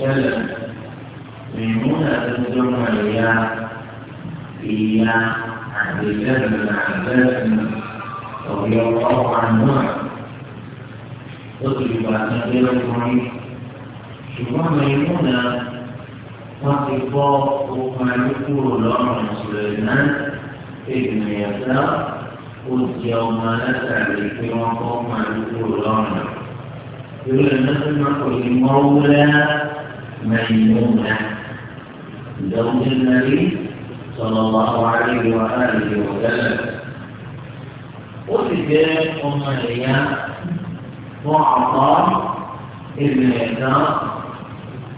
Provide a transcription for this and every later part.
وسلم ميمونة تنزلنا إياه إياه عبد الله بن عباس رضي الله عنهما اطلب أن يكون ṣùgbọ́n mẹ́múnà wọ́n ti bọ́ okun ayé kúrò lọ́rùn ìṣẹ̀lẹ̀ náà èdè ẹ̀dá ó jẹ ọmọ alátàrí pé wọ́n bọ́ okun ayé kúrò lọ́rùn. ìrẹ̀lẹ̀ náà ti máa kò lè mọ́ wúlẹ́ ميمونة زوج النبي صلى الله عليه وآله وسلم وتجاه أم هي وعطاء ابن يسار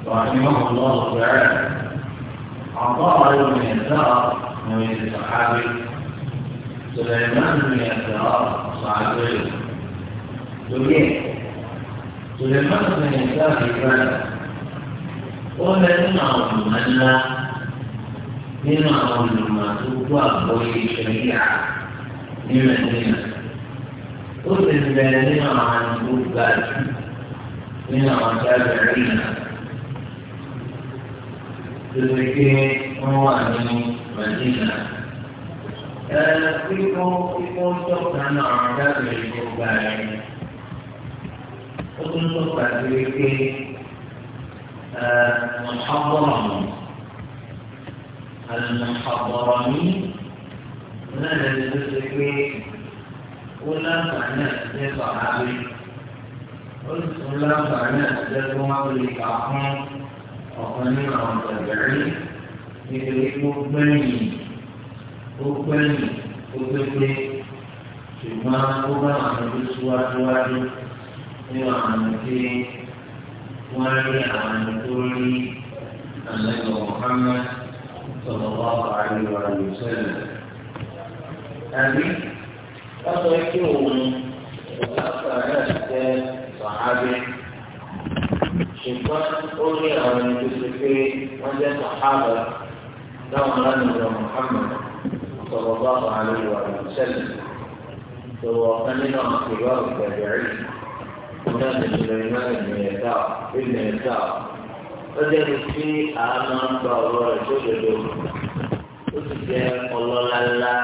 رحمه الله تعالى عطاء ابن يسار من الصحابي سليمان بن يسار صحابي سليمان بن يسار في ó lẹ nínú àwọn olùmọ̀ ńlá nínú àwọn olùmọ̀ tó kó àgbọ́yé ìṣẹ̀lẹ̀ ní Mẹ́dínà ó sì ń bẹ nínú àwọn tó ga jù nínú àwọn tó ga tòlè pé wọ́n wà ní Mẹ́dínà. Ẹ kíkó kíkó tọ́ka náà dábìlì tó ga ó tún tọ́ka sí pé. المحضرمين المحضرمين هذا المسلمين ولا معناه يا صحابي ولا معناه يا صحابي كعهم وقنين ومتابعين يدرك مقبلين مقبلين مقبلين ṣùgbọ́n ó bá àwọn ìlú síwájú wájú nínú àwọn ìdílé وعلي عن كل محمد صلى الله عليه وآله وسلم أبي أخرجوه وأخرج صحابي شيطان أولي عن كل وجد صحابة لهم رنوا محمد صلى الله عليه وآله وسلم فهو كان التابعين náà ní Suleiman ibn Yasar ibn Yasar ó jẹ́ ní sí àánú gba ọ̀rọ̀ rẹ̀ tó dodo ó sì jẹ́ ọlọ́láńlá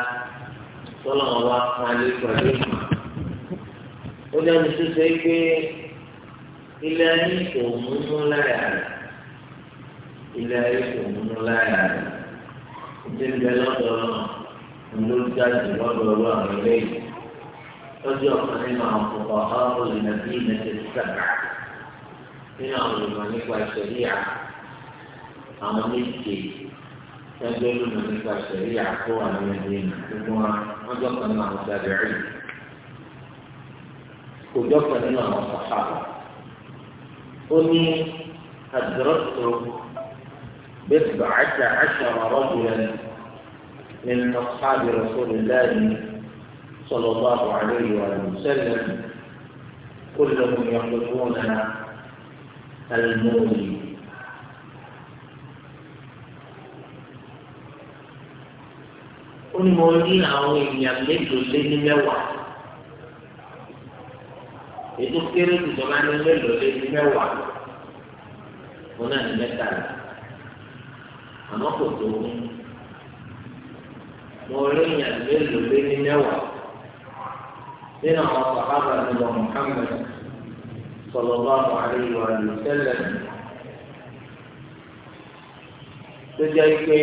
tọ́lọ̀ wa pálí pẹ̀lú ìmọ̀ ó jẹ́ ní sísè pé ilé ayé kò múnú láyà rẹ̀ ilé ayé kò múnú láyà rẹ̀ ó ti ń bẹ lọ́dọ̀ ọ̀nà ló dájú lọ́dọ̀ ọ̀rọ̀ àwọn eléyìí. ọjọ́ kan nínú àwọn kòkò ọ̀rọ̀ ìnàbí ìnàbí sábà nínú àwọn olùmọ̀ nípa ìṣẹ̀líà àwọn méje ẹgbẹ́ olùmọ̀ nípa ìṣẹ̀líà tó wà ní ẹgbẹ́ ìnàbí wọn ọjọ́ kan nínú àwọn sábẹ̀rì kòjọ́ kan nínú àwọn sàfàbà ó ní àdúrótò bẹ́ẹ̀ bàtà àṣà ọ̀rọ̀ bìrẹ̀ nínú sábẹ̀rẹ̀ sórí lẹ́yìn. صلى الله عليه وسلم كلهم يقولون المولي ó ní mo ní àwọn èèyàn mélòó lé ní mẹ́wàá ètò kéré tó máa ní mélòó lé ní mẹ́wàá mo náà ní mẹ́ta rẹ̀ àmọ́ kò tó mú mo rí nínú àwọn sàhábà nílò Muhammad sallallahu alaihi wa sallam tó jẹ́ pé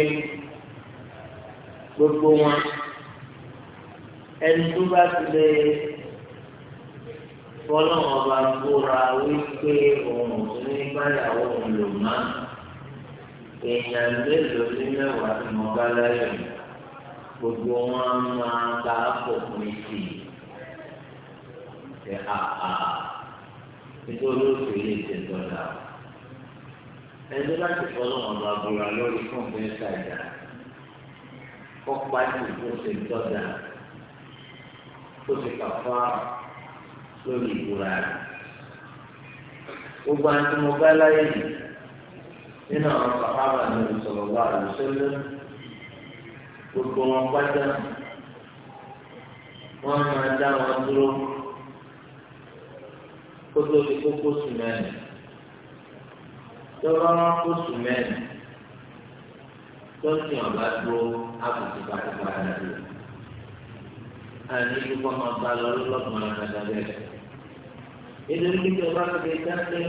gbogbo wọn ẹni tó bá ti lè fọlọ́wọ́n bá gbóra wípé òun ò ní báyàwó òun lò má èèyàn mélòó ní mẹ́wàá ni mo bá láyọ̀ gbogbo wọn máa bá a pọ̀ pín sí i ṣe àhà ètò olóòtú yìí ṣe dọ́là ẹni tó láti fọlọ́ ọ̀nà àbúrò lórí fúnfún ìtajà kọ́ pàṣẹ tó ṣe dọ́là tó ṣe kàfá lórí ìbúra rẹ̀ gbogbo àti mo bá láyé yìí nínú àwọn sàhábà ní ìsọ̀rọ̀ wa àlùsọ́lẹ̀ gbogbo wọn pátá wọn máa dá wọn dúró kótó ti kókó sùn mẹ́rin tó bá wọn kó sùn mẹ́rin tó ń tì ọ̀gá dúró àbùkù pàtàkì àdàbò àní ìlú kọ́mọ bá lọ lọ́gbọ̀n àdàbẹ̀ nínú nígbà bá ti di dáńtẹ́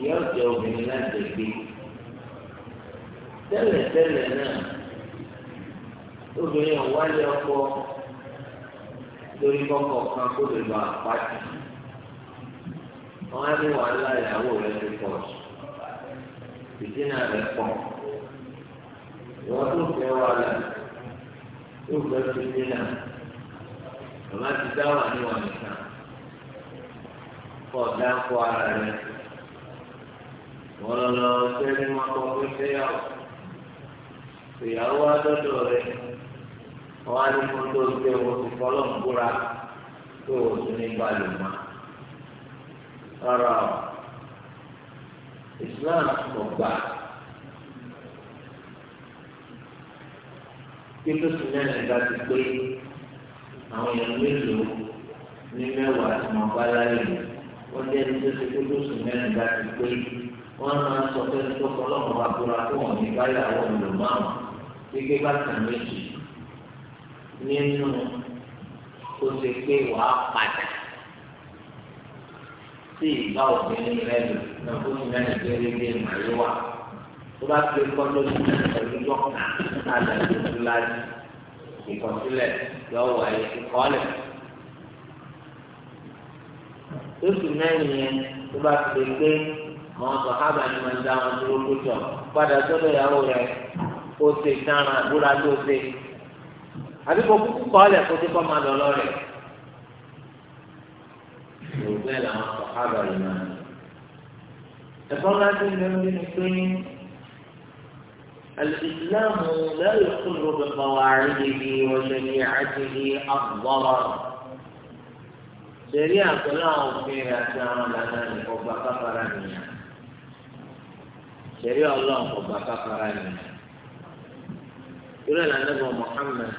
ìyá ọ̀jẹ̀ obìnrin láti gbé tẹ́lẹ̀ tẹ́lẹ̀ náà obìnrin ọ̀wálé ọkọ lórí kọ́kọ́ kan kó lè lọ àpáàtì wọn á wàhálà ìyàwó rẹ ti pọ̀ ìdínà rẹ pọ̀ wọn tó fẹ́ wàhálà tó fẹ́ fi dínà bàbá ti dá wà ní wà nìkan kọ dáko ara rẹ wọn lọ sẹ́ni wọn kọ pé fẹ́yàwó ìyàwó adọdọ rẹ wọn á ní kó tó gbé wọn fi ń búra tó o tún ní balùwẹ̀ máa. Ara, o Islam kò gbà títí sí mẹ́rin bá ti pé àwọn èèyàn mélòó ní mẹ́wàá tí wọ́n bá láyé mi wọ́n jẹ́ ní títí títí sí mẹ́rin bá ti pé wọ́n máa sọ pé ní tókọ lọ́mọ àbúrò àkóhùn ní báyàwó ìlú márùn-ún gẹ́gẹ́ bá tàn méjì nínú kó ṣe pé wàá padà tí ìgbà obìnrin rẹ lò náà ó ní mẹ́rin gẹ́gẹ́ ìmọ̀lẹ́ wà tó bá ti kọ́ lóṣù náà pẹ̀lú yọ̀ọ̀kan àgbà tó tú láti ìkọ̀sílẹ̀ yọ wà ìkọ́lẹ̀. lóṣù mẹ́rin yẹn tó bá ti lè gbé àwọn sọ̀hábà ni máa ń dá wọn dúró lójọ padà sọ́dọ̀ ìyàwó rẹ ó ṣe dáná àbúrò àti ṣe àbíkó kúkú kọ́lẹ̀ kó ti kọ́ máa lọ lọ́rẹ̀ẹ́. náà làwọn sọ̀hábà yìí máa ń ẹ̀fọ́ máa pé الإسلام لا يقر بقواعده وشريعته الضرر شريعة لا أغفر أسامة لنا لحب كفرانية شريعة الله حب كفرانية يقول النبي محمد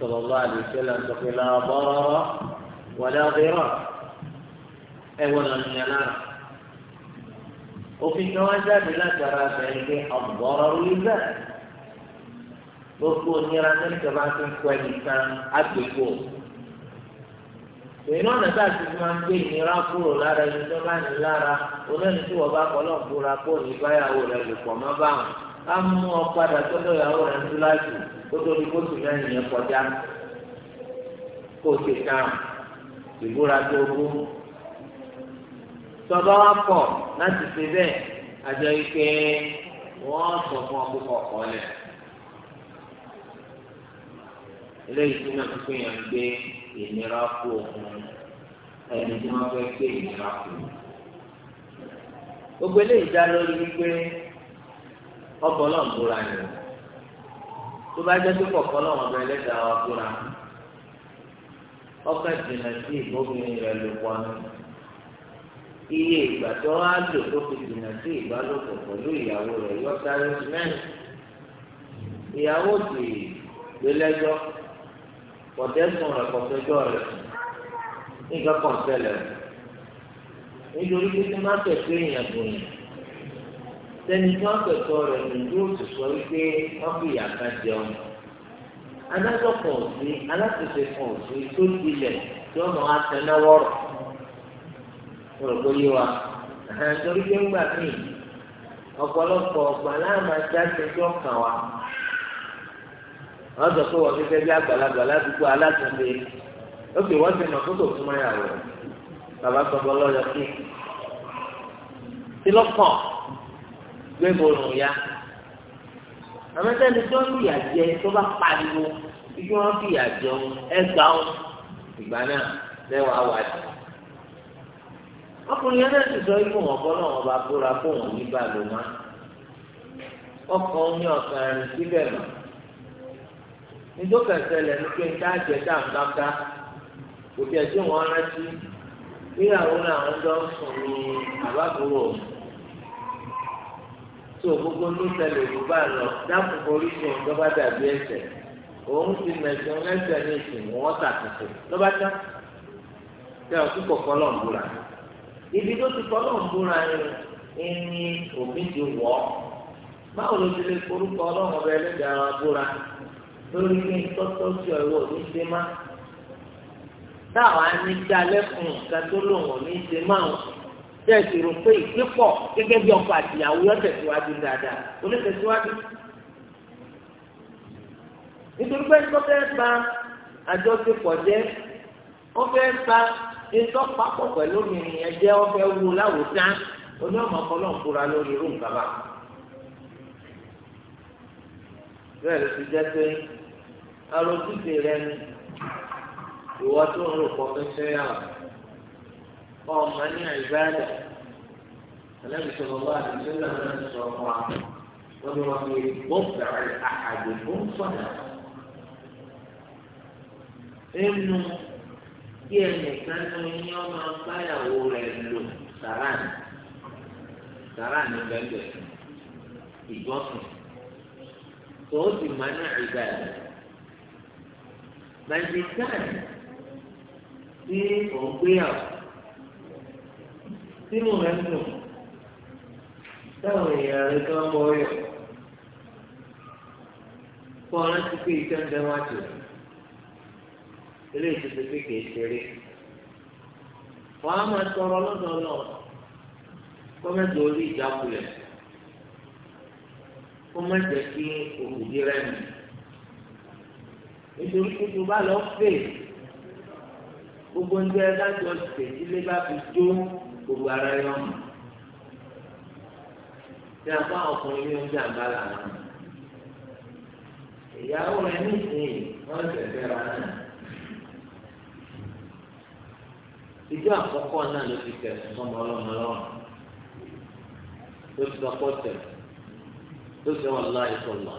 صلى الله عليه وسلم لا ضرر ولا ضرار ẹwọ lọnà náà òfin kan wá jáde látara bẹ́ẹ̀ pé ọgbọrọ wíwẹ gbogbo onira mẹ́ta bá ti ń kọ ẹnìkan àgbègbò èyí náà nàta ti máa ń gbé ìnira kúrò lára ẹni tó bá ní lára tí wọn bá kó rẹ lè báwọn mú rẹ ń kó tọba pọ̀ láti ṣe bẹ́ẹ̀ àjọ ike wọ́n sọ fún ọ púpọ̀ kọ́lẹ̀. eléyìí tí wọ́n ti pè yàn gbé ìnira kú òkun ẹni tí wọ́n fẹ́ gbé ìnira kú. gbogbo eléyìí dá lórí wípé ọbọ̀ náà ni o tó bá jẹ́ pé kọ̀ọ̀kan náà wọ́n bẹ ẹlẹ́dàá wa bóra ọkọ̀ sí rẹ̀ ló pọ̀ iye ìgbà tó wá lò tó fi dùnà sí ìbálòpọ̀ pẹ̀lú ìyàwó rẹ̀ yọ sáré sí mẹ́rin ìyàwó sì gbélẹ́jọ́ pọ̀tẹ́sùn rẹ̀ pọ̀tẹ́jọ́ rẹ̀ nǹkan kan ṣẹlẹ̀ nítorí pé tí má tẹ̀sí èèyàn bò yẹn sẹ́ni tí wọ́n tẹ̀sọ́ rẹ̀ nìyí ó sì sọ wípé wọ́n fi ìyà kan jẹun adájọ́ kan ò sí aláṣẹṣe kan ò sí tó tilẹ̀ tí wọ́n máa tẹnáwọ́rọ̀. mo rò pé yé wa torí pé ńgbà míì ọ̀pọ̀lọpọ̀ ọ̀gbà láàmà jáde tó kàn wá wọ́n sọ pé wọ́n ti bí àgbàlagbà ládùúgbò alátúndé wọ́n ti nà fótó fún bàbá sọ̀bọ̀ lọ́yọ̀ gbé ya àmọ́tẹ́ni tó ń tó bá pariwo bí wọ́n ìgbà náà ọkùnrin yẹn náà ti sọ ikú wọn bọ́ náà wọn bá búra kó wọn nígbà ló má ọkàn ní ọ̀sán ẹ̀rìn síbẹ̀ mọ́ nítorí ẹ̀sẹ̀lẹ̀ ní pé níta jẹ dáńgáńgá kò tí ẹ̀ tí wọ́n rántí níyàwó náà wọ́n jọ ń sùn ní àbábúrò tó gbogbo ló ṣẹlẹ̀ òkú bá lọ dáàbò forí sùn lọ́ba dàbí ẹ̀sẹ̀ òun ti mẹ̀sìn lẹ́sẹ̀ ní ìsìn wọ́n tàkùtù lọ́ba tẹ ọtí kọ̀ọ̀kan lọ́nbùrà ibi tó ti kọ́lọ́ ń búra yẹn ní òbí ti wọ̀ ọ́ báwo ló ti lè forúkọ ọlọ́run ọba ẹlẹ́dàá ara búra lórí pé tọ́tọ́ sí ọ̀rọ̀ òní ṣe má táwa ní dá lẹ́kùn ká tó lòun òní ṣe má o tẹ̀sí rò pé ìpépọ̀ gẹ́gẹ́ bí ọkọ àtìyàwó yọ tẹ̀síwájú dáadáa onítẹ̀síwájú nítorí pé ẹni tó fẹ́ ba àjọṣepọ̀ jẹ́ ó fẹ́ ba ètò papọ̀ pẹ̀lú obìnrin yẹn jẹ́ ọ̀fẹ́ wu láwùjá oní ọmọ ọkọlọ́n kura lórí irú nǹkan bá. bẹ́ẹ̀ ló ti jẹ́ pé arojúṣe rẹ ni ìwọ tó ń rò pọ̀ fẹ́fẹ́ yà wọ́n ọmọ ní àìbáyà ẹlẹ́bìtì bàbá àdìsí làwọn ẹni sọ fún wa wọ́n ní wọ́n fi gbọ́fẹ̀rẹ̀ àhàdì fún sọ̀nà kí ẹnìkan tó ní ọmọ báyàwó rẹ̀ lò sàránì sàránì bẹ́ẹ̀ ìgbọ́sùn tó o sì máa ní àìgbà rẹ̀ bàjẹ́tàn tí òǹgbéyàwó sínú rẹ̀ ń táwọn èèyàn rẹ̀ tó ń bọ̀ ọ̀yọ̀ ọ rántí pé ìtẹ́ńdẹ́ rẹ̀ ilé ìtúsí pé kìí ṣeré wọn á máa tọrọ lọ́dọ̀ náà kọ́mẹ́tì orí ìjákulẹ̀ kó má jẹ́ kí òkùdí rẹ̀ nù nítorí pé tó bá lọ fè gbogbo ń jẹ́ dájọ́ tẹ̀sílé bá fi jó gbogbo ara yọ̀ mọ́ tí a bá ọkùnrin ní oúnjẹ àbálà náà ìyàwó rẹ̀ nísìnyí wọ́n ṣẹ̀ṣẹ̀ ra náà. ìjọ àkọ́kọ́ náà ló ti tẹ̀sí fọmọ ọlọ́mọ lọ́rùn ló ti sọpọ́ tẹ̀ ló ti wọn láì sọ̀lá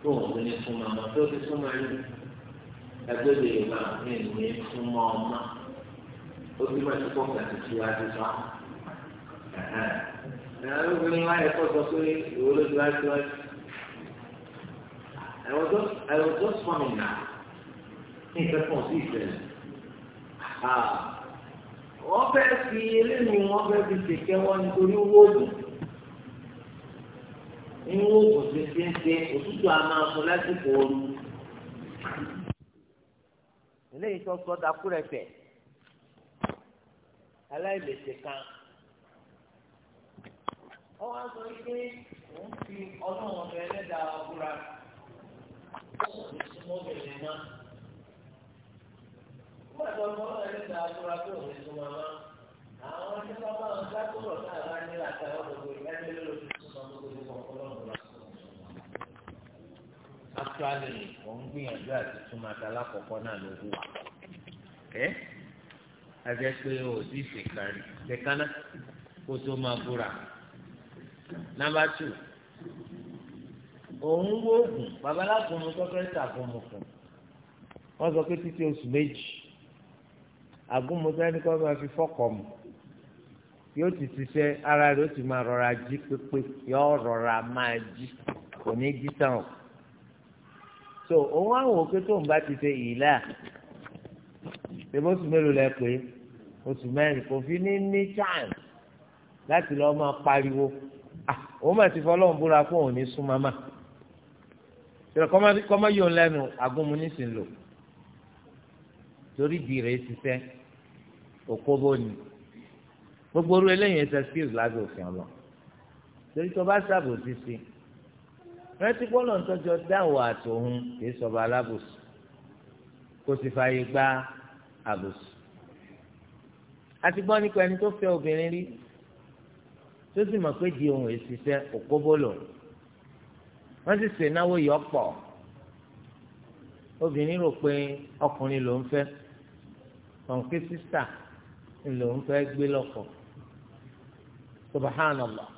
tó wọn fi ní súnmọ́ ọmọ tó fi súnmọ́ ẹni ẹgbẹ́ lè wà ní ìwé súnmọ́ ọmọ ó ti máa ti kọ́ kàtí síwájú sá obìnrin wa yẹ kó sọ pé ìwé ló ti wá síwájú ẹ̀wọ̀n tó sọ̀mìnà ní ìfẹ́ pọ̀ sí ìfẹ́ yìí. Ah. wọ́n fẹ́ fi eléyìí wọ́n fẹ́ fi ṣèkẹ́ wọn nítorí wóògùn inú oògùn ṣe ṣe òtútù àmà lásìkò ooru. eléyìí tó sọ dakúrẹsẹ̀ aláìlèsè kan ó wá sọ pé òun fi ọlọ́run ọ̀fẹ́ ẹlẹ́dàá ọ̀gbúra ó sì gbàdọ̀ ọmọ náà ní ìta àtúrà pé òun ti máa má àwọn tí wọ́n bá wọn dákúrò náà bá ní ìlàkà ọ̀gbọ̀gbọ̀ ìdájọ́ lórí ìtumọ̀ gbogbo ọ̀pọ̀lọpọ̀ actually òun gbìyànjú àti túmọ̀ àtàlà náà ló wù wá ẹ́ àti pé o ti ṣèkárí ṣèkánná kó tó máa búra nàmbà tù òun wóògùn babaláàgùn mu kọ́kẹ́ ṣàfùmùkùn wọ́n sọ pé títí oṣù méjì agúnmọ̀tá ni kọ́ máa fi fọ́kọ̀ mu yóò ti ṣiṣẹ́ ara rẹ̀ ó ti máa rọra jí pépé yóò rọra máa jí kò ní jí tán o so òun àwọn òkè tó ń bá ti ṣe ìlà ṣèbó oṣù mélòó lẹ pé oṣù mẹ́rin kò fi ní ní chance láti lọ́ọ́ máa pariwo ah, òun mà ti fọlọ́run búra fún òun ní sún mama ṣèlè kọ́mọ́ yóò lẹ́nu agúnmu nísìnyí lò torí di rẹ̀ ṣiṣẹ́ òkóbó ni gbogbo orú eléyìí ẹsẹ skills lábẹ́ òfin ọlọ torí tó bá ṣàbòsí sí rántí gbọ́dọ̀ ń tọ́jọ dáwọ̀ àtòhun kì í sọba alábòsí kò sì fààyè gba àbòsí. àti gbọ́ nípa ẹni tó fẹ́ obìnrin rí tó sì mọ̀ pé di ohun èsìsẹ́ òkóbó lò wọ́n sì sè náwó yọ pọ̀ obìnrin rò pé ọkùnrin ló ń fẹ́ kọ̀ǹkì sísà lòun fẹ́ gbé lọ́kọ̀ subhanallah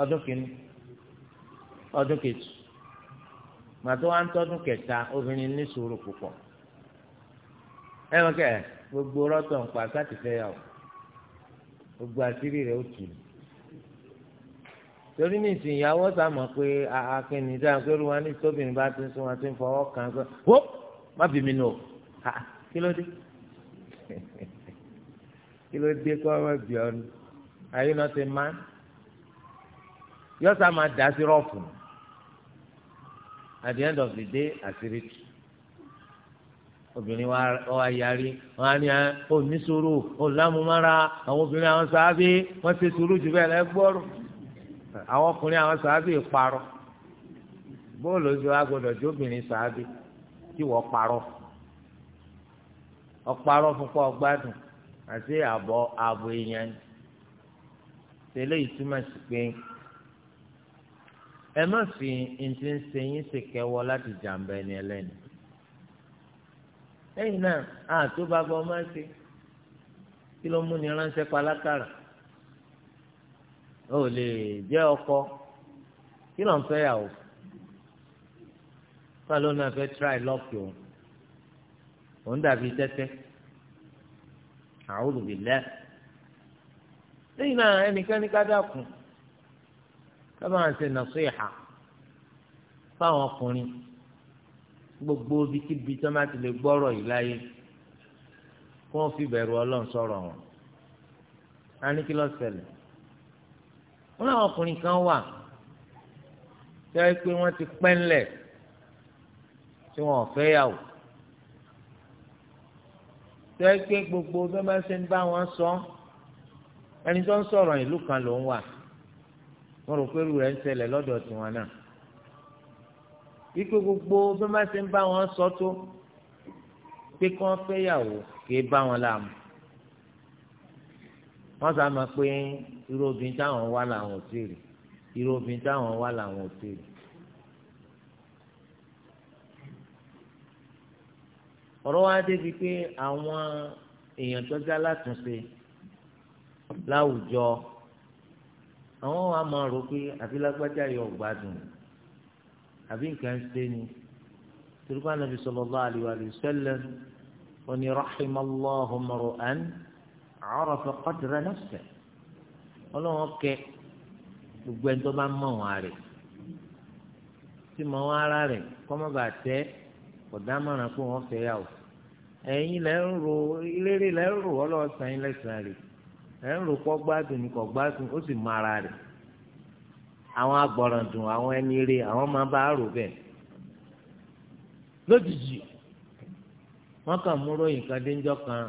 ọdún kìíní ọdún kejì màtó wa ń tọdún kẹta obìnrin ní gbogbo rọtọ ń pa sáti fẹ́ gbogbo àṣírí ó tù torí ní ìsìn ìyàwó sàmọ pé akínní pé ruwa ní tóbìnrin bá ti sún wa ti ń fọwọ́ kàn án wó má kí ló dé kó ọmọ bì ọ ni are you not a man yọ́sà máa dà sí rọ́ọ̀fù at the end of the day àṣírí tù obìnrin wa wa yarí wọn á ní ẹ ah, ò ní sùúrù ò lámúmára àwọn obìnrin àwọn sàábì wọn ṣe sùúrù jù bẹ́ẹ̀ lẹgbọrù àwọn ọkùnrin àwọn sàábì parọ́ bóòlù oṣù agbọ́dọ̀ tí obìnrin sàábì tí wọ́n parọ́ ọparọ fún kọ àti àbọ̀ ààbò èèyàn tẹ́lẹ̀ ìtumọ̀ sí pé ẹ má fi ntí ń ṣe yín ṣe kẹwọ láti jàǹbá ẹni ẹlẹ́ni lẹ́yìn náà àtúbàbọ̀ máa ṣe kí ló mú ni ránṣẹ́ palákàrà ó lè jẹ́ ọkọ kí ló ń fẹ́ yàwó fún àlọ́ náà fẹ́ tíráì lọ́ọ̀kì òun òun dàbí tẹ́tẹ́ a'udhu billah lẹ́yìn náà ẹnìkan ní ká dákun ká máa ṣe nàṣíhà fáwọn ọkùnrin gbogbo bíkíbi tí wọ́n bá ti lè gbọ́rọ̀ yìí láyé kí wọ́n fi bẹ̀rù Ọlọ́run sọ̀rọ̀ wọn a ní kí ló ṣẹlẹ̀ ọkùnrin kan wà tí pé wọ́n ti pẹ́ńlẹ̀ tí wọ́n ò yàwó tẹ́ pé gbogbo bí wọ́n bá ṣe ń bá wọn sọ ẹni tó ń sọ̀rọ̀ ìlú kan ló ń wà wọ́n rò pé irú rẹ̀ ń ṣẹlẹ̀ lọ́dọ̀ tiwọn náà wípé gbogbo bí wọ́n bá ṣe ń bá wọn sọ tó pé kí wọ́n fẹ́yàwó kì í bá wọn láàmú wọ́n sá máa pé irú obìnrin táwọn wá làwọn ò tí ì rí irú obìnrin táwọn wá làwọn ò tí ì rí ọ̀rọ̀ wa débi pé àwọn èèyàn tó já látúnṣe láwùjọ àwọn wa máa rò pé àfi lágbájá yọ gbádùn àbí nǹkan ṣe ni turba nabi sallallahu alayhi wa sallam oní rahimallahu mar'an arafa qadra nafsihi ọlọ́wọ́n kẹ gbogbo ẹni tó bá mọ̀ wọn rẹ̀ tí mọ̀ wọn ara rẹ̀ kọ́mọ́ bàtẹ́ kò dámọ̀ràn pé wọ́n fẹ́ yà wò ẹ̀yin lẹ́ ń ro eléré lẹ́ ń ro ọlọ́sàn yín lẹ́sàn-án rè lẹ́ ń ro kọ́ gbádùn ní kọ́ gbádùn ó sì mọ ara rẹ̀ àwọn agbọ̀ràndùn àwọn ẹni rè àwọn máa bá rò bẹ́ẹ̀ lójijì wọ́n kàn mú ròyìn kan déńjọ́ kan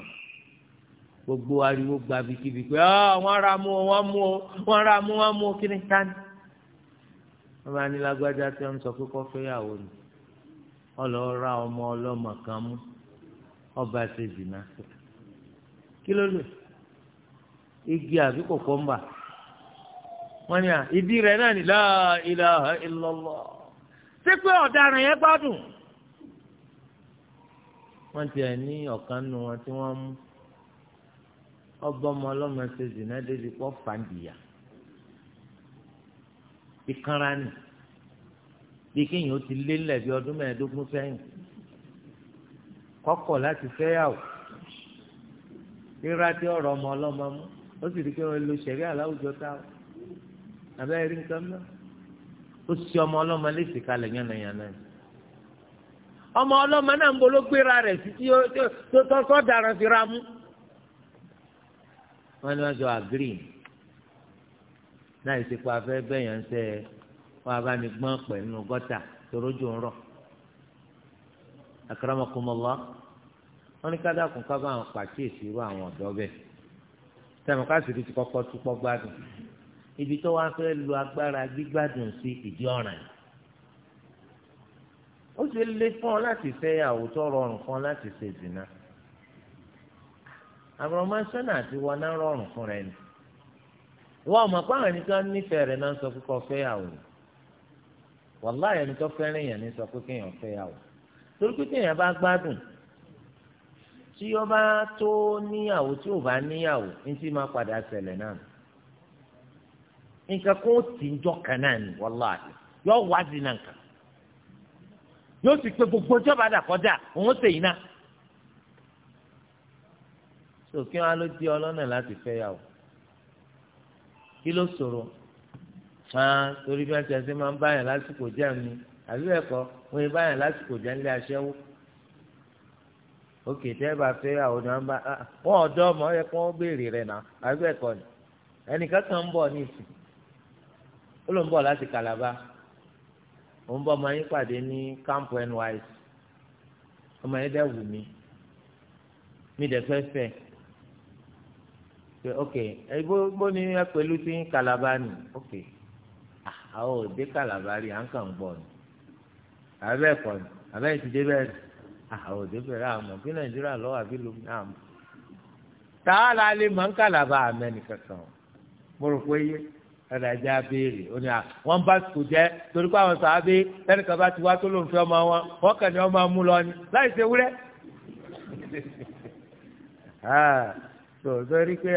gbogbo ariwo gba bikibi pé wọ́n ra mú o wọ́n mú o wọ́n ra mú wọ́n mú o kí ni tani wọ́n bá ní lágbájá tí wọ́n sọ pé kọ́ fẹ́ yàwó ni ọlọ́ra ọmọ ọlọ́mọ kan mú ọba ṣe jìnnà kí ló lè igi àbí kòkòmbà wọ́n ní à ìdí rẹ̀ náà ní la ilaha illallah ṣé pé ọ̀daràn yẹn gbádùn wọ́n ti ẹ̀ ní ọ̀kan nu wọn tí wọ́n mú ọba ọmọ ọlọ́mọ ṣe jìnnà débi pọ́ fàǹdìyà ìkanra nìyí bí kéèyàn ó ti lé ńlẹ̀ bí ọdún mẹ́ẹ̀ẹ́dógún sẹ́yìn kọ́kọ̀ láti fẹ́yàwó rírá tí ọ̀rọ̀ ọmọ ọlọ́mọ mú ó sì rí i pé wọ́n lo ṣẹ̀rí àláwùjọ táwọn abẹ́rẹ́ rí nǹkan náà ó sì ọmọ ọlọ́mọ léṣe kalẹ̀ yánnayànna yìí ọmọ ọlọ́mọ náà ń bolo gbéra rẹ̀ sí tí ó tọ́sọ́ dára fi ra mú wọ́n ní wọ́n jọ àgírì náà ìsìnkú afẹ́ bẹ́yàn ń sẹ́ wọn bá ní gbọ́n pẹ̀ nínú gọ́tà torójú ń rọ̀ akramakumullah wọn ní kádàkùn ká bá àwọn pàkíyèsí irú àwọn ọ̀dọ́ bẹ́ẹ̀ sẹ́mi ká sì ti kọ́kọ́ túpọ̀ gbádùn ibi tó wá fẹ́ lu agbára gbígbádùn sí ìdí ọ̀ràn yìí ó ṣe lé fún ọ láti fẹ́ àwùjọ rọrùn fún ọ láti ṣe zìnà àbúrò mọ́ṣánná àti wọn rọrùn fún rẹ ni wọn ò mọ̀ pé àwọn ẹnìkan nífẹ̀ẹ́ rẹ náà sọ fún kọ́ fẹ́ àwùjọ wàláhì ẹni tó fẹ́ràn èèyàn ní sọ pé kéèyàn fẹ́ yà wò torí pé kéèyàn bá gbádùn tí ó bá tó níyàwó tí ò bá níyàwó ní tí máa padà ṣẹlẹ̀ náà nǹkan kó tì í jọkàn náà ni wàláhì yóò wá sí náà nǹkan yóò sì pé gbogbo ọjọ́ bá dà kọjá òun ṣèyí náà sòkè wọn ló di ọlọ́nà láti fẹ́ yà wò kí ló sọ̀rọ̀ hàn torí bí wọ́n ti ṣe máa ń báyàn lásìkò jẹ́ mi àbí ẹ̀kọ́ wọ́n yẹn báyàn lásìkò jẹ́ nílé aṣẹ́wó òkè tẹ́ bá fẹ́ àwọn ọ̀nà bá ah, wọ́n ọ̀dọ́ ọmọ ẹ̀ kọ́ béèrè rẹ̀ náà àbí ẹ̀kọ́ ni ẹnìkan kan ń bọ̀ ní ìsìn ó ló ń bọ̀ láti kàlàbà ó ń bọ̀ ọmọ yín pàdé ní kámpu NYSC ọmọ yín dẹ́ wù mí mi dẹ̀ fẹ́ fẹ́ ok ẹ bó ni ẹ pẹ̀lú sí kàlàbà ni ok. okay àwọn òde kàlàbárì à ń kàn gbọ́ ni àbẹ́ ẹ̀kọ́ ni àbẹ́ ìtìdé bẹ́ẹ̀ ni àwọn òde bẹ̀rẹ̀ àmọ́ bí nàìjíríà lọ́wọ́ àbí ló ní àmọ́ tààlà lè máa ń kàlàbà àmẹ́ni kankan mo rò pé yé ẹ̀rọ ẹ̀jẹ̀ abéèrè ó ní à wọ́n bá kò jẹ́ torí pé àwọn sàábé tẹ́nìkan bá ti wá tó lóun fẹ́ ọmọ wọn wọ́n kàn ní ọmọ mú lọ ni láì ṣe wúrẹ́ torí pé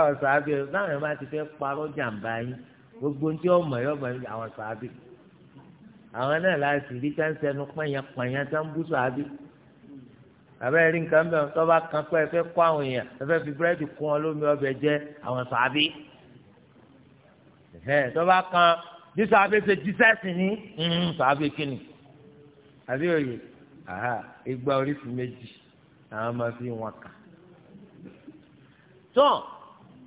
àwọn sàábé náà ẹ̀ máa ti fẹ́ parọ́ jàǹbá yín gbogbo ní ọmọ yọ ọmọ àwọn sàábì àwọn náà láti rí káńsẹ́nu pààyàn-pààyàn tó ń bú sàábì àbẹ́ rí nǹkan bẹ́ẹ̀ tó bá kan pé ẹ fẹ́ kó àwọn èèyàn ẹ fẹ́ fi búrẹ́dì kún ọ lómi ọbẹ̀ jẹ àwọn sàábì tó bá kan bí sàábì ṣe jíṣẹ́ sí ní sàábì kínní àbí òye igba oríṣi méjì àwọn máa fi wọn kà tó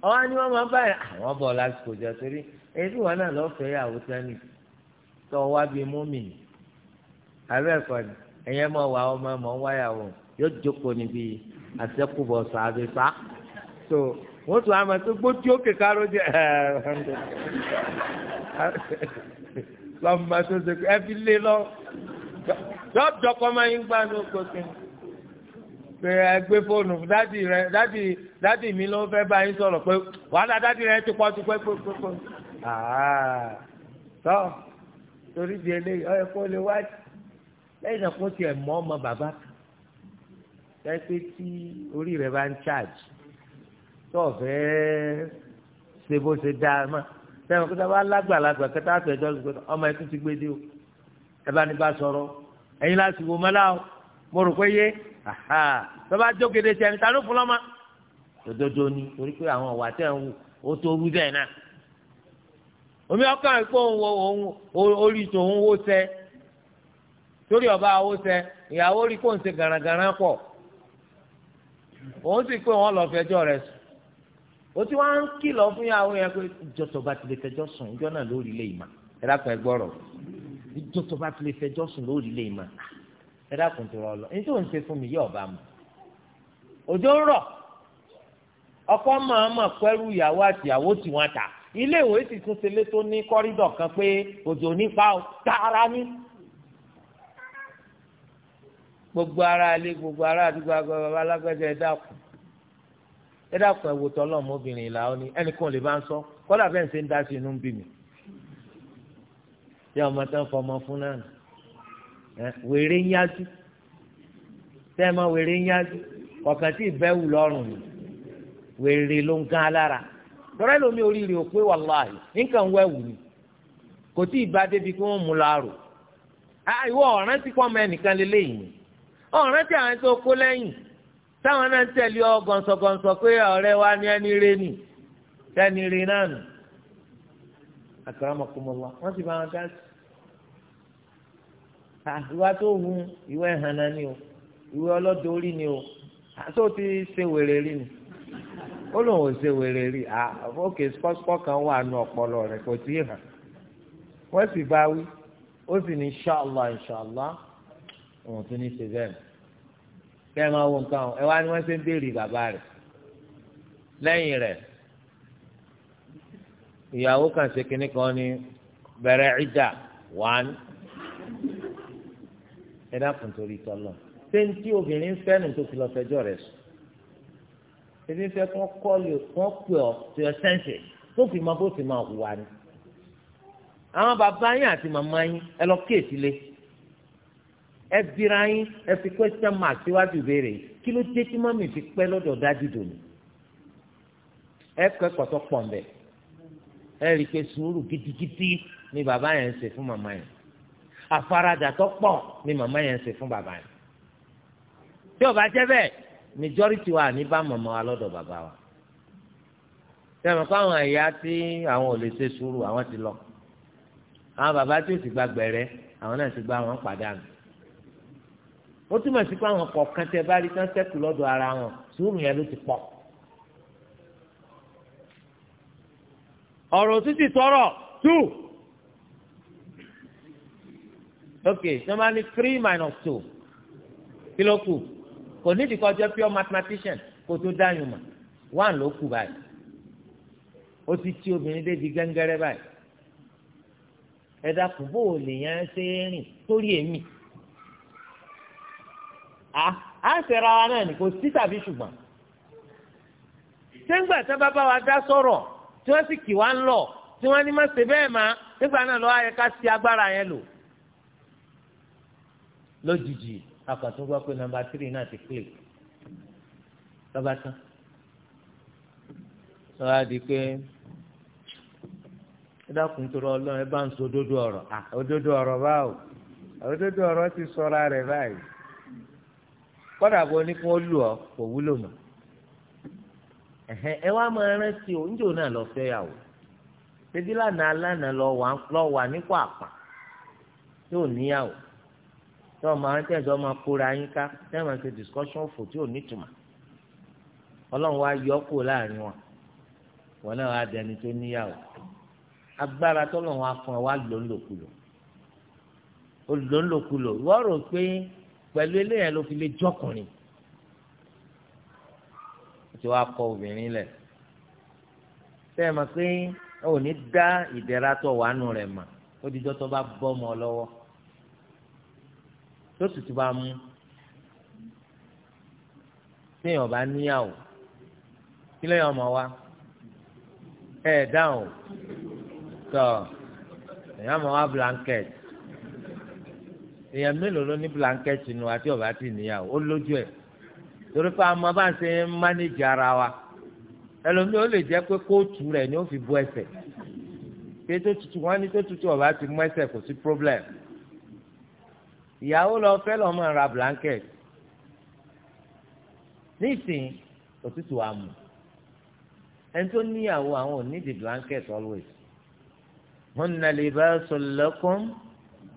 àwọn ni wọn máa báyìí àwọn bọ̀ lásìkò jẹ torí èyí wọn náà lọ fẹ́ yàwó sẹ́ni tó wá bí mọ́mìnì àbẹ́ ẹ̀kọ́ ni ẹ̀yẹ́ mọ̀ wá ọmọ ẹ̀ mọ̀ ń wáyàwó yóò jókòó níbi àtẹ́kùbọ̀ sàbẹ̀ sá so wọ́n tún àmọ́ tó gbójú òkè káró jẹ lọ́mọ tó ṣe ẹ fi lé lọ yọ jọkọ máa ń gbà ní oko sí pé ẹ gbé fóònù dádì rẹ dádì dádì mi ló fẹ́ bá yín pé wàhálà dádì rẹ ti pọ̀ ju pé pé pé pé. Ah, tọ́ torí di eléyìí ọ̀yẹ́ kó lè wá lẹ́yìn náà kó tiẹ̀ mọ́ ọmọ bàbá kan pé tí orí rẹ̀ bá ń charge tó ọ̀fẹ́ ṣe bó ṣe dáa mọ́ sẹ́wọ̀n kí sábà lágbàlagbà kẹta àfẹ́jọ́ ọmọ ẹ̀kú ti gbé dé o ẹ bá ní bá sọ̀rọ̀ ẹ̀yin láti wò mọ́lá o mo rò pé yé tọ́ba jókèdè tẹ̀ ní ta ló fún lọ́mọ ni torí pé àwọn ọ̀wà tẹ̀ ń wù ó tó wú bẹ́ẹ̀ náà omi ọkàn rẹ ohun òun orí tòun wó ọba àwó sẹ ìyàwó rí kó n ṣe garagara pọ òun sì pé wọn lọ rẹ o ti wá ń fún yàwó yẹn pé ìjọ bá tilẹ̀ fẹjọ́ sùn ìjọ náà lórí ilé ìmọ̀ ẹ dákun ẹ gbọ́rọ̀ ìjọ bá tilẹ̀ sùn lórí ilé rọ ọkọ ìyàwó ilé ìwé sì tún ṣe lé tó ní kọ́rídọ̀ kan pé òjò nípa tààrà ní. gbogbo ara ilé gbogbo ara àdúgbò agbára alágbẹ́jẹ ẹ dákun ẹ dákun ẹ wò tọ́lọ̀ mọ́bìnrin ìlà ó ní ẹnìkan lè bá ń sọ kọ́dà bẹ́ẹ̀ ṣe ń dá sí inú ń bì mí. yá ọmọ tán fọmọ fún náà wèrè ń yájú tẹ́ ẹ mọ wèrè ń yájú kọ̀ọ̀kan tí ì bẹ́ wù lọ́rùn wèrè ló ń gán alára. tọ́rẹ́ lomi oríire ò pé wàláhì nǹkan wẹ̀wù ni kò tí ì bá débi kí wọ́n mú láàrò ọ̀ràn ẹnìkan lélẹ̀ yìí ọ̀ràn àwọn tó kó lẹ́yìn táwọn náà ń tẹ̀lé ọ pé ọ̀rẹ́ wa ni ẹni rẹ nì tẹ́ni rẹ náà nù àkàràmọ̀kùmọ̀lá wọ́n sì bá wọn dá sí ìwà tó hu ìwà ẹ̀hànà ni o ìwà ọlọ́dọ̀ orí ni o àtó ti ṣe wèrè rí ni. ó lóun ò ṣe wèrè rí à òkè spọ́spọ́ kan wà nù ọpọlọ rẹ̀ kò tí ì hàn wọ́n sì bá wí ó sì ní ṣàlá ìṣàlá òun tún ní ṣe bẹ́ẹ̀ kẹ́ ẹ máa wo nǹkan ẹ wá ní wọ́n ṣe ń béèrè bàbá rẹ̀ lẹ́yìn rẹ̀ ìyàwó kan ṣe kínní kan ní bẹ̀rẹ̀ ìjà wán ẹ dákun torí tọ́lọ̀ ṣé ní tí obìnrin fẹ́nu tó fi lọ fẹjọ́ rẹ̀ sùn ebi fẹ́ kọ́ kọ́ọ̀lì kan pè ọ́ to your senses tó fi máa bó ti máa hùwà ni. àwọn bàbá yín àti màmá yín ẹ lọ kéèsì lé ẹ bira yín ẹ fi question mark síwájú ìbéèrè yìí kí ló dé tí mọ́mì fi pẹ́ lọ́dọ̀ dájú dòní. ẹ kọ́ ẹ̀kọ́ tó pọ̀ nbẹ̀ ẹ rí i pé sùúrù gidigidi ni bàbá yẹn ń ṣe fún màmá yẹn àfaradà tó pọ̀ ni màmá yẹn ń ṣe fún bàbá yẹn. tí ò bá jẹ́ bẹ́ẹ̀ majority wa ni bá màmá wa lọ́dọ̀ bàbá wa sẹ́wọ̀n kó àwọn ẹ̀yà tí àwọn ò lè ṣe sùúrù àwọn ti lọ àwọn bàbá tí ò sì gba gbẹ̀rẹ́ àwọn náà ti gba àwọn pàdánù ó túmọ̀ sí pé àwọn kọ̀ọ̀kan tẹ bá rí tán sẹ́kù lọ́dọ̀ ara wọn sùúrù yẹn ló ti pọ̀ ọ̀rọ̀ títí sọ̀rọ̀ two ok sọ́mání three minus two kí ló kù kò nídìí kó jẹ́ pure mathematician kó tó dáyùn mọ̀ one ló kù báyìí ó ti tí obìnrin débi gẹ́ngẹ́rẹ́ báyìí ẹ̀dá kù bó o lè yẹn ṣe é rìn sórí èmi à á ṣẹ̀ra wa náà ní kò sí tàbí ṣùgbọ́n sẹ́ńgbà tí wọ́n bá wa dá sọ̀rọ̀ tí wọ́n sì kì wá ń lọ tí wọ́n ní má ṣe bẹ́ẹ̀ má nígbà náà lọ́wọ́ ayẹ ká ṣe agbára yẹn lò lójijì akọ̀tún gbọ́ pé nọmba tírì náà ti click lọ́ba tán lọ́ba adi pé ẹ tó rọ ẹ bá ń sọ òdodo ọ̀rọ̀ òdodo ọ̀rọ̀ báwo òdodo ọ̀rọ̀ ti sọra rẹ̀ báyìí kọ́dà bó ní kí lù ọ́ kò wúlò mọ́ ẹ wá máa rántí o níjò náà lọ fẹ́ yà wò lánàá lánàá lọ wà nípò àpà tí ò tí ọmọ àńtẹ̀jọ́ máa kóra yín ká tí wọ́n máa ṣe discussion òfò tí ò nítumọ̀ ọlọ́run wá yọ kó láàrin wọn wọn náà wá dẹni tó níyàwó agbára tọ́lọ́run afọ́n wa lò ń lòkulò ó lò ń lòkulò wọ́n rò pé pẹ̀lú eléyàn ló fi lè jọkùnrin tí wàá kọ obìnrin lẹ̀ tẹ́ ẹ mọ̀ pé ò ní dá ìdẹ̀ra tó wàánu rẹ̀ mà ó dijọ́ tó bá bọ́ ọmọ lọ́wọ́ tó tutù bá mú téèyàn bá níyàwó kí lóyún ọmọ wa ẹ dáhùn tọ èèyàn ọmọ wa blanket èèyàn mélòó ló ní blanket nu àti ọba ti níyàwó ó lójú ẹ torí pé àmọ́ bá ń ṣe ń mánéjì ara wa ẹlòmíì ó lè jẹ́ pé kóòtù rẹ̀ ni ó fi bu ẹsẹ̀ pé tó tutù wọ́n ní tó tutù ọba ti mú ẹsẹ̀ kò sí problem ìyàwó lọ fẹ́ lọ́ máa ra blanket nísìnyí òtútù wa mú ẹni tó níyàwó àwọn ò ní di blanket always hunna libasun lakum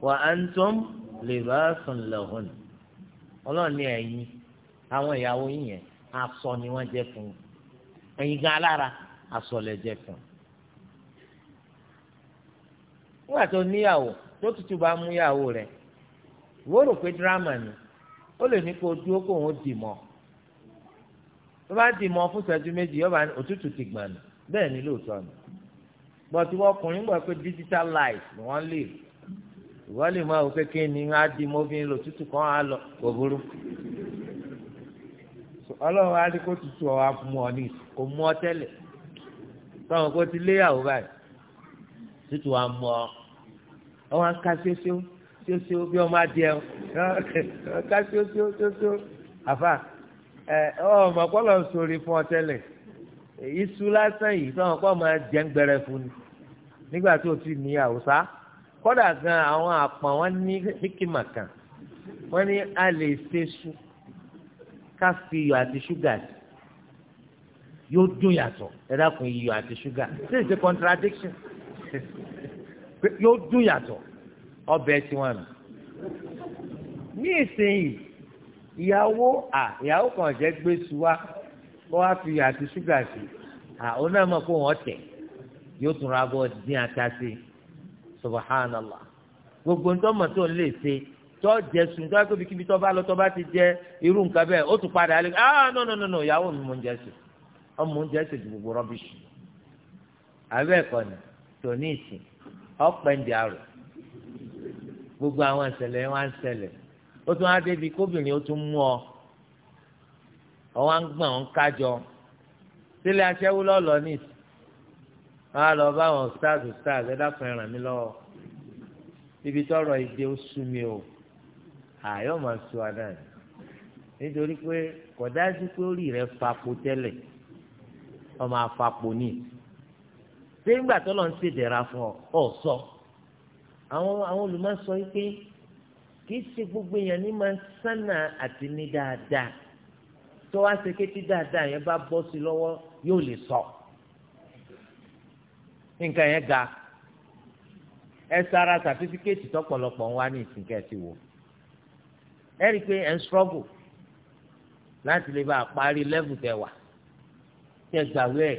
wa antum libasun lahun ọlọ́ọ̀ni ẹ̀yin àwọn ìyàwó yìí yẹn aṣọ ni wọ́n jẹ́ fún ẹ̀yin gan alára aṣọ lẹ jẹ́ fún nígbà tó níyàwó tó tutù bá mú yàwó rẹ̀ wọ́n rò pé dírámà ni ó lè ní kó dúró kó òun dì mọ́ tó bá dì mọ́ fún ìṣẹ́jú méjì yọba òtútù ti gbọ̀n nù bẹ́ẹ̀ ni lóòótọ́ ni bọ́tù ọkùnrin gbọ́ pé digital life ni wọ́n lè ìwọ́n lè máa wò pé kí ni wọ́n á di mọ́bìnrin lò tútù kan á lọ kò burú ọlọ́run á ní kó tutù ọ̀ á mú ọ ní kò mú ọ tẹ́lẹ̀ sọ̀rọ̀ kó ti léyàwó báyìí tútù á mú ọ ọ wá ń ka ṣéṣéó tí ó ṣe ó bí ọmọ adìẹ ọ ká tí ó ṣe ó tí ó ṣe ó àfà ẹ ọmọ kọlọ ń sori fún ọ tẹ́lẹ̀ iṣu lásán yìí sọ̀rọ̀ kọ́ máa jẹ́ ń gbẹrẹ fún ni nígbà tí o ti níyàwó sá kódà gan àwọn àpọ̀n wọn ní hikima kan wọ́n ní a lè ṣe ṣu ká fi iyọ̀ àti ṣúgà sí yóò dún yàtọ̀ ẹ dákun iyọ̀ àti ṣúgà ṣé ìṣe contradiction yóò dún yàtọ̀ ọbẹ̀ tiwọn nù ní ìsinyìí ìyàwó à ìyàwó kan jẹ́ gbé suwa kó wá fi àti ṣúgà sí à ó náà mọ̀ kó wọ́n tẹ̀ yóò tún ra bọ́ dín ata sí subhanallah gbogbo ntọ́mọ̀ tó ń lè ṣe tó jẹ sùn tó tóbi kíbi tó bá lọ tó bá ti jẹ irú nǹkan bẹ́ẹ̀ ó tún padà lé ah no no no no ìyàwó mi mò ń jẹ sùn ọmọ ń jẹ sùn ju gbogbo rọ́bìṣì àbẹ́ ẹ̀kọ́ ni tòní ìsìn ọ̀pẹ̀ ń di àrò gbogbo àwọn ìṣẹ̀lẹ̀ yẹn wá ń ṣẹlẹ̀ ó tún á débi kóbìnrin ó tún mú ọ ọwọ́ à ń gbọ̀n ń kájọ sílẹ̀ aṣẹ́wó lọ́lọ́ ní ìsìn wàá lọ bá àwọn stars stars ẹ dákun ẹ ràn mí lọ́wọ́ ibi tọrọ ìdè ó sú mi o àyọ máa sọ adáyé nítorí pé kọ̀dájú pé orí rẹ fapò tẹ́lẹ̀ ọmọ afapò ní ìsìn nígbà tó lọ ń ṣèdẹ̀ra fún ọ ọ sọ. So àwọn àwọn olùmọ̀ sọ pé kìí ṣe gbogbo èèyàn ní máa ń sánà àti ní dáadáa tó wá ṣe kétí dáadáa yẹn bá bọ́ sí lọ́wọ́ yóò lè sọ nǹkan yẹn ga ẹ sara sàtífíkẹ́tì tọ́pọ̀lọpọ̀ ń wá ní ìsìnkẹ́ ti wò ẹ rí i pé ẹ ń ṣọ́gù láti lè bá a parí lẹ́vù tẹ̀wà tẹ̀ gbàwé ẹ̀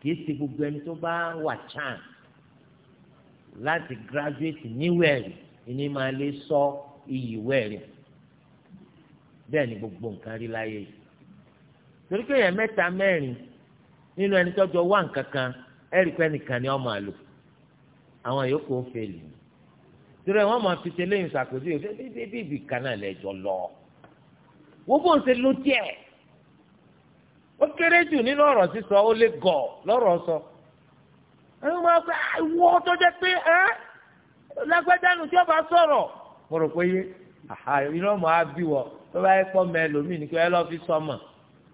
kìí ṣe gbogbo ẹni tó bá wà chance láti graduate níwẹ̀rì ìní máa lè sọ iyì wẹ̀rì bẹ́ẹ̀ ni gbogbo nǹkan rí láyé yìí torí pé èèyàn mẹ́ta mẹ́rin nínú ẹni tọ́jọ́ wà nǹkan kan ẹ̀rí pé ẹnìkan ni wọ́n máa lò àwọn yòókù ó fèlè torí wọ́n máa fi tẹ́lẹ̀yìn ṣàkóso yìí bí bí ibì kan náà lẹ́jọ́ lọ wọ́n ń ṣe ló díẹ̀ ó kéré jù nínú ọ̀rọ̀ sísọ ó lé gọ̀ lọ́rọ̀ sọ. So ẹ̀rọ máa pẹ́ ah, ìwọ tó jẹ́ pé ẹ́ lágbájánu tí ọba sọ̀rọ̀ mo rò pé yé iná mọ̀ á bí wọ tó bá yẹ kọ́ mẹ́ lómìn nìkan ẹ lọ́ọ́ fi sọmọ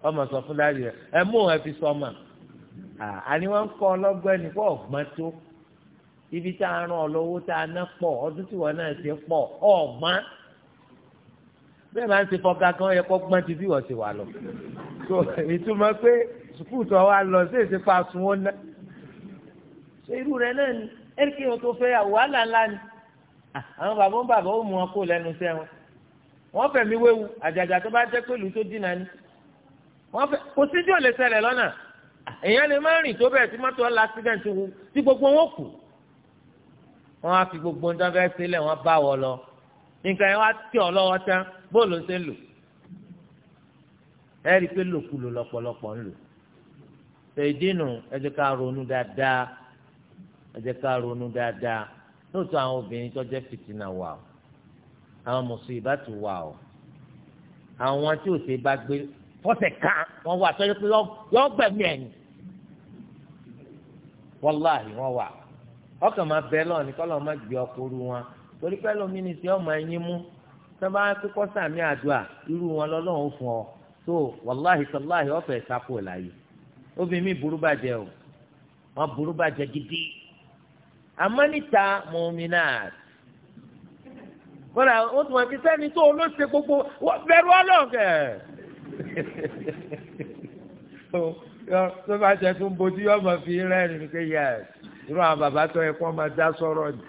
ọmọ sọ fún dájú rẹ ẹ mú òun ẹ fi sọmọ àní wọn ń kọ́ ọlọ́gbọ́n ẹni fún ọ̀gbọ́n tó ibi tá a ràn ọ́ lọ́wọ́ tá a ná pọ̀ ọdún tí wọn náà ti pọ̀ ọ̀gbọ́n bẹ́ẹ̀ máa ń ti fọ́gá kan yẹ kó gbọ́n ti bí wọ́n ti wà lọ. ìtumọ̀ pé sùkúù tó wà lọ sí èsì pa sunwó náà ṣe irú rẹ náà ni ẹ̀ríkì wọn tó fẹ́ yàwó wàhálà ńlá ni ah, àwọn bàbá ń bàbá ó mú wọn kó lẹ́nu iṣẹ́ wọn wọ́n fẹ̀mí wéwu àjàjà tó bá jẹ́ pẹ̀lú tó dínà ni wọ́n fẹ́ kò síjú ò lè ṣẹlẹ̀ lọ́nà ah, èèyàn lè má rìn tó bẹ́ẹ̀ tí mọ́tò ọ̀la accident wu tí gbogbo wọn kù wọ́n á fi gbogbo ń dábẹ́ sílẹ̀ wọ́n bá wọ lọ nǹkan yẹn wá tẹ̀ ọ́ lọ́wọ́ tán bóòlù ṣe ń lò ẹ rí i pé lòkulò lọ́pọ̀lọpọ̀ ń lò ṣèdínù ẹ jẹ́ ká ronú dáadáa ẹ jẹ́ ká ronú dáadáa lóòótọ́ àwọn obìnrin tó jẹ́ fìtínà wà o àwọn mùsùlùmí bá ti wà o àwọn tí ò ṣe bá gbé fọ́sẹ̀ kan wọ́n wà sọ́yọ́ pé yọ gbẹ̀mí ẹ̀yìn wọ́láhì wọ́n wà ọkàn máa bẹ́ẹ̀ lọ́ọ̀ ní kọ́lọ́ máa gbé ọkùnrin wọn torí pẹ́ lómi ní ti ọmọ ẹ̀yìn mú sábà kíkọ́ sàmì àdúrà irú wọn lọ́lọ́run fún ọ tó wọ́láhì sọ́láhì ọ̀fẹ́ sápò láàyè obìnrin mi burú bàjẹ́ o wọ́n burú bàjẹ́ gidi àmọ́ níta mọ̀mìnàt kódà ó tún wọn ti sẹ́ni tó olóṣè gbogbo bẹ̀rù ọlọ́ọ̀kẹ́ tó bá jẹ tó bojú yọ ọmọ fi rẹ́rìn ní pé yẹ irú àwọn bàbá tó yẹ kó máa dá sọ̀rọ̀ ni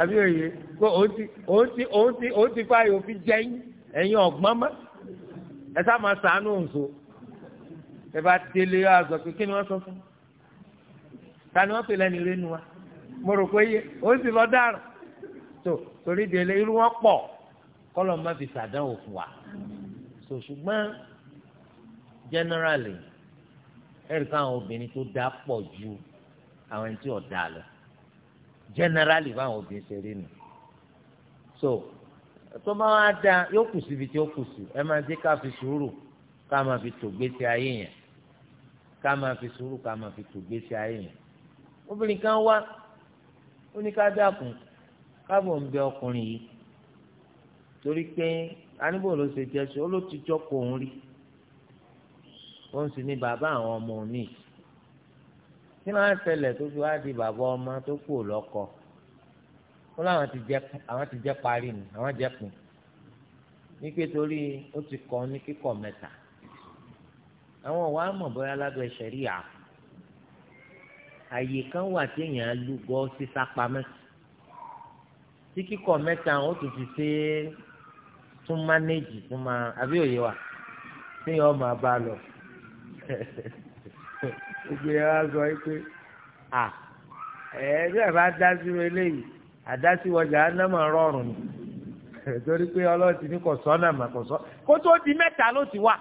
àbí òye kó òun ti òun ti òun ti òun ti fáyọ òfin jẹyìn ẹ̀yin ọ̀gbọ́n mọ́ ẹ sá máa sàánú nso ẹ bá délé àzọ pé kí ni wọ́n sọ fún ta ni wọ́n pè lẹ́nu rẹ́nu wa mo rò pé yé ó sì lọ dáràn tó torí délé irú wọn pọ̀ kọlọ má fi sàdánwò fún wa so ṣùgbọ́n generally ẹ̀rí káwọn obìnrin tó dá pọ̀ ju àwọn ẹni tí ò dá lọ generally báwọn obìnrin ṣe rí nù so tó bá wá da yóò kù síbi tí ó kù sí ẹ máa jẹ́ ká fi sùúrù ká máa fi tò gbèsè ayé yẹn ká máa fi sùúrù ká máa fi tò gbèsè ayé yẹn obìnrin kan wá ó ní ká dákun káàbọ̀ ń bẹ ọkùnrin yìí torí pé aníbò ló ṣe jẹ́sọ ó ló ti jọ́kọ̀ òun rí òun sì ni bàbá àwọn ọmọ òní kí ló ń ṣẹlẹ̀ tó fi wá di bàbá ọmọ tó kù lọ́kọ ó láwọn ti jẹ àwọn ti jẹ parí ni àwọn jẹ pin ní pé torí ó ti kọ́ ní kíkọ́ mẹ́ta àwọn wàá mọ̀ bóyá lábẹ́ ṣẹ̀ríyà kù àyè kan wà tí èèyàn lúgọ sísá pamọ́ sí kíkọ mẹ́ta ó tún fi ṣe tún mánéjì tún máa àbí òye wa téèyàn máa bá lọ gbogbo yẹn wá sọ pé à ẹ̀ẹ́dẹ́ ẹ̀ bá dá sí eléyìí àdásí wọjà ánámà rọrùn ni torí pé ọlọ́ọ̀tì ní kò sọ́nà mà kò sọ́ kó tó di mẹ́ta ló ti wá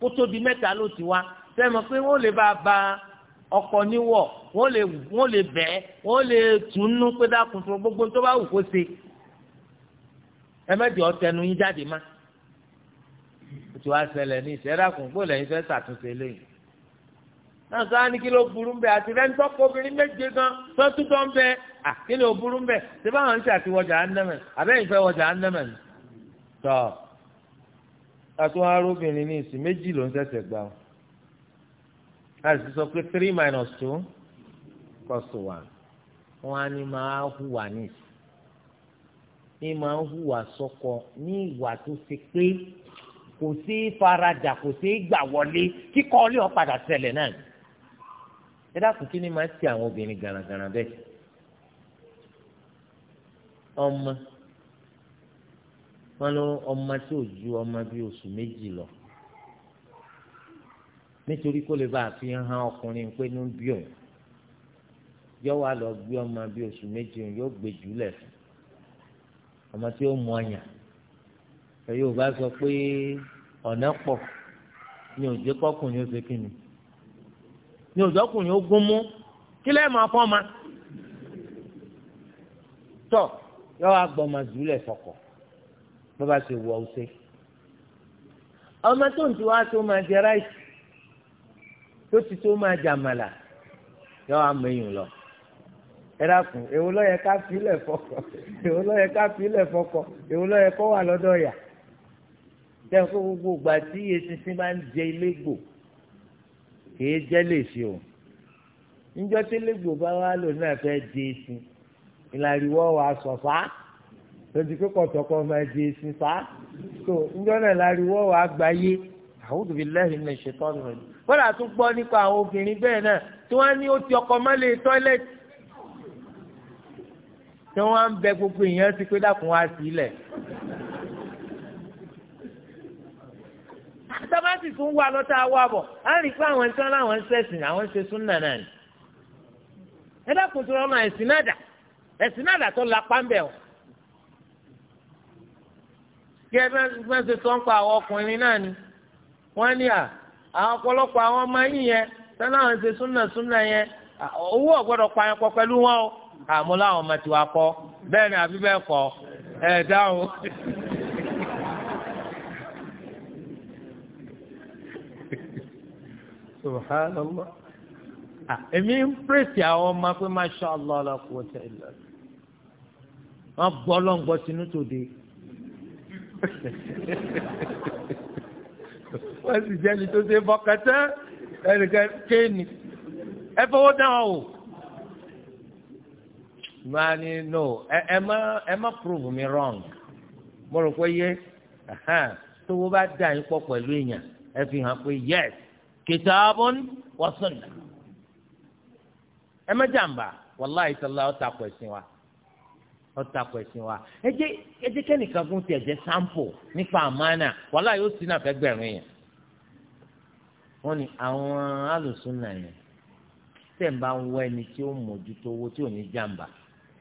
kó tó di mẹ́ta ló ti wá sẹ́mi pé wọ́n lè bá a ba ọkọ níwọ̀ wọ́n lè wọ́n lè bẹ́ wọ́n lè túnú pé dákun fún gbogbo tó bá wù kó ṣe ẹ mẹ́jọ ọ̀tẹnu yín jáde má ètò àṣẹlẹ̀ ní ìṣẹ́dàkùn kó lẹ́yìn fẹ́ ṣàtúnṣe lẹ́yìn náà sọ wá ní kí ló burú ń bẹ àti rẹ ń tọkọ obìnrin méje gan tó tún bẹ à kí ló burú bẹ ṣé báwọn ń ṣe wọjà á àbẹ́yìn fẹ́ wọjà á tọ́ àtúwárò obìnrin ní ìsìn méjì ló ń ṣẹ̀ṣẹ̀ gbà wọn láti sọ pé three minus two equals to one wọn á ní máa hùwà ní ìsìn ní máa ń hùwà sọkọ ní ìwà tó ṣe pé kò sí faradà kò sí gbà wọlé kíkọ ọlẹ́ ọ̀padà ṣẹlẹ̀ náà ẹ dákun kí ni máa ń ti àwọn obìnrin garagara bẹ́ẹ̀ ọmọ wọn lọ ọmọ tí ò ju ọmọ bíi oṣù méjì lọ nítorí kó lè bá a fi hàn ọkùnrin pé ní bí òun yọ wá lọ gbé ọmọ bíi oṣù méjì òun yóò gbé jùlẹ fún ọmọ tí ó mú ọyàn èyí ò bá sọ pé ọ̀nà pọ̀ ni òjò kọkùnrin ó ṣe kí ni ni òjò ọkùnrin ó gún mú kí lẹ́ẹ̀ máa fọ́ ma tọ́ yọ wá gbọ́ ọmọ jùlẹ fọkọ̀ bó bá ṣe wọ ọ̀ṣẹ́ ọmọ tó ń ti wá tó máa jẹ ráìsì. tó ti tó máa jàmàlà yọ àmọyìn lọ ẹ dákun èwo ló yẹ ká filẹ̀ fọkọ èwo ló yẹ ká fọkọ èwo yẹ gbogbo tí ń jẹ o níjọ́ tí lẹ́gbò bá wà lò náà fẹ́ di esin wa fa lójú pé kọ̀tọ̀kọ̀ máa di esin náà wa gbáyé. àwùjọ bíi lẹ́yìn ní ìṣètò ọ̀rọ̀ yìí wọ́n àti gbọ́ nípa àwọn obìnrin bẹ́ẹ̀ náà tí wọ́n ní ó ti ọkọ̀ má lè tọ́lẹ̀tì tí wọ́n á ń bẹ gbogbo èèyàn sí pé dákun wá sí ilẹ̀. sábàtì tún wà lọ́tà wà bọ̀ á rí i pé àwọn ẹ̀sán láwọn ń ṣẹ̀sìn àwọn ṣe súnà náà ni. ẹ dákun tó rọrùn ẹ̀sìn náà dà ẹ̀sìn náà dà tó la pàmbẹ̀ o. kí ẹ bá ṣe sọ́ńpa ọkùnrin náà ni wọ́n ní à àwọn ọ̀pọ̀lọpọ̀ àwọn ọmọ yín yẹn sẹ́nà àwọn ṣe súnà súnà yẹn owó ọ̀gbọ́dọ̀ pa yẹn pọ̀ pẹ̀lú wọn o àmú láwọn ọmọ tiwa kọ bẹ́ẹ̀ ni àbí bẹ́ẹ̀ kọ́ ẹ̀ dáhùn. subhanallah èmi ń pèsè àwọn ọmọ pé masha allah la quwwata illa wọn gbọ́ lọ́ngbọ́ sínú tòde. wọ́n sì jẹ́ ẹni tó ṣe bọ́kẹ́tẹ́ ẹnìkan kéènì ẹ fọwọ́ dáhùn o. máa ní no ẹ má ẹ má prove me wrong mo rò pé yé tówó bá dà yín pọ̀ pẹ̀lú èèyàn ẹ fi hàn pé yes kìtàbùn wa sunnah ẹ má jàǹbá wàláhìí sọlá ọ̀tà pẹ̀sìn wa ọta pẹ̀sìn wa ẹ jẹ́ kẹ́nìkan gún tiẹ̀ jẹ́ sampo nípa àmánà wàhálà yóò sí náà fẹ́ gbẹ̀rún yẹn. wọ́n ní àwọn alùsùn náà yẹn tẹ̀ ń bá ń wọ ẹni tí ó mójútó owó tí ò ní jàǹbá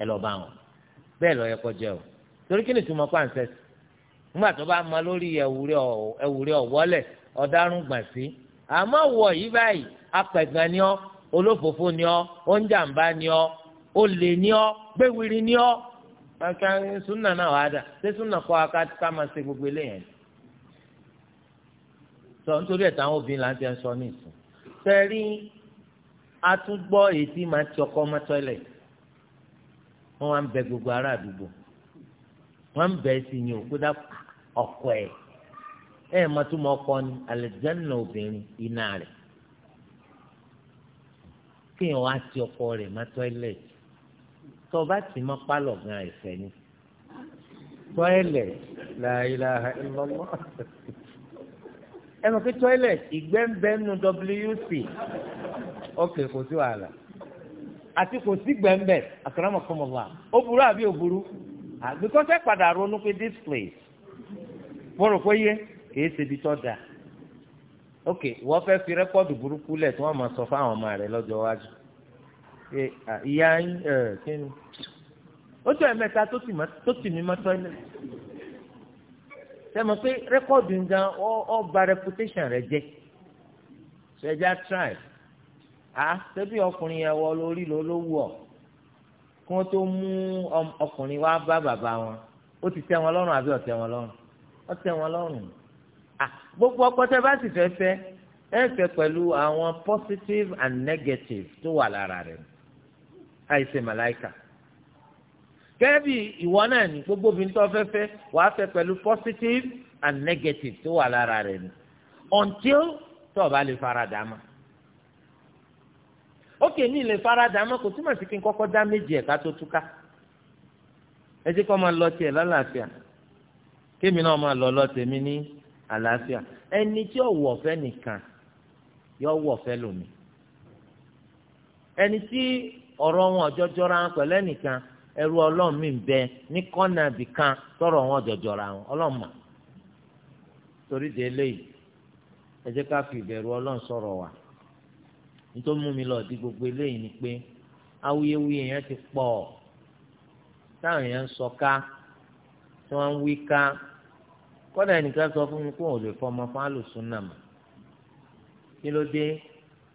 ẹ lọ bá wọn bẹ́ẹ̀ lọ yẹ kọjá o torí kí ni túmọ̀ pàǹsẹ̀ sí nígbà tó bá ma lórí ẹ̀wùrẹ́ ọ̀wọ́lẹ̀ ọ̀daràn gbà sí àmọ́ wọ̀ yí báyìí apẹ̀gàn ni ọ́ olófòfó ni ọ́ oúnjàǹbá ni ọ́ olè ni ọ́ gbéwìrì ni ọ́ kàkà súnà náà wà á dà ṣé súnà kọ́ aká ká máa ṣe gbogbo eléyẹn sọ nítorí ẹ̀ táwọn obìnrin là ń tẹ́ sọ ní ìsìn sẹ́rí atúgbọ́ èyí tí màá ti ọkọ ọmọ tọ́lẹ̀ wọ́n wá ń bẹ gbogbo ará àdúgbò wọ́n ń bẹ sí yín òkú dá ọkọ ẹ̀ ẹ̀ mọ̀ tó mọ ọkọ ni àlẹ́jẹ́nà obìnrin iná rẹ̀ kéèyàn wá ti ọkọ rẹ̀ mọ́ tọ́lẹ̀tì tó bá ti mọ́ pálọ̀ gan ẹ̀fẹ̀ ni tọ́ẹ̀lẹ̀ làìlà ìlọ́wọ́ ẹ mọ̀ pé tọ́ẹ̀lẹ̀ ìgbẹ́ ń bẹ́ nu wc ok kò sí wàhálà àti kò sí gbẹ̀ǹbẹ̀ àkàràmọ̀kọ́mọ̀lá ó burú àbí ó burú àbíkọ́sẹ́ ah, padà ronú pé this place mo rò pé yé kìí ṣe ibi tó dáa ok wọ́n fẹ́ fi rẹ́kọ́ọ̀dù burúkú lẹ̀ tí wọ́n máa sọ fáwọn ọmọ rẹ̀ lọ́jọ́ iwájú ìyá yín kí ni ó jẹ́ ẹ̀mẹ́ta tó tì mí mọ́tọ́ ẹ̀ sẹ́mi pé rẹ́kọ́ọ̀dù ń gan ọ́ ba reputation rẹ̀ jẹ́ ṣẹjá try a ṣebí ọkùnrin yẹn wọ lórí ló ló wù ọ́ kí wọ́n tó mú ọkùnrin wá bá bàbá wọn ó ti tẹ́ wọn lọ́rùn àbí ó tẹ́ wọn lọ́rùn ó tẹ́ wọn lọ́rùn gbogbo ọpọtẹ bá sì fẹ́ fẹ́ ẹ fẹ́ pẹ̀lú àwọn positive and negative tó wà lára rẹ̀ àìsè màláìkà gẹ́gẹ́ ìwọ náà ní gbogbo obìnrin tó fẹ́fẹ́ wàá fẹ́ pẹ̀lú positive and negative tó wà lára rẹ̀ ni until tó o bá lè faradà mọ́ ókè ní ilé faradà mọ́ kò túmọ̀ sí kí n kọ́kọ́ dá méjì ẹ̀ ká tó túká ẹ jẹ́ kó máa lọ tiẹ̀ lálàáfíà kémi náà máa lọ lọ tèmi ní àlàáfíà ẹni tí ò wọ̀ fẹ́ nìkan yọ wọ̀ fẹ́ lómi ẹni tí ọ̀rọ̀ wọn ọ̀jọ́jọ́ra wọn pẹ̀lú ẹnìkan ẹrú mi bẹ ní kọ́nà bìkan tọ̀rọ̀ wọn ọ̀jọ́jọ́ra wọn ọlọ́run mà torí de eléyìí ẹ jẹ́ ká fi ìbẹ̀rù ọlọ́run gbogbo eléyìí ni awuyewuye yẹn ti pọ̀ táwọn yẹn ń sọ ká tí wọ́n ń wí ká ẹnìkan sọ fún mi pé òun ò lè fọmọ fún àlùsùn náà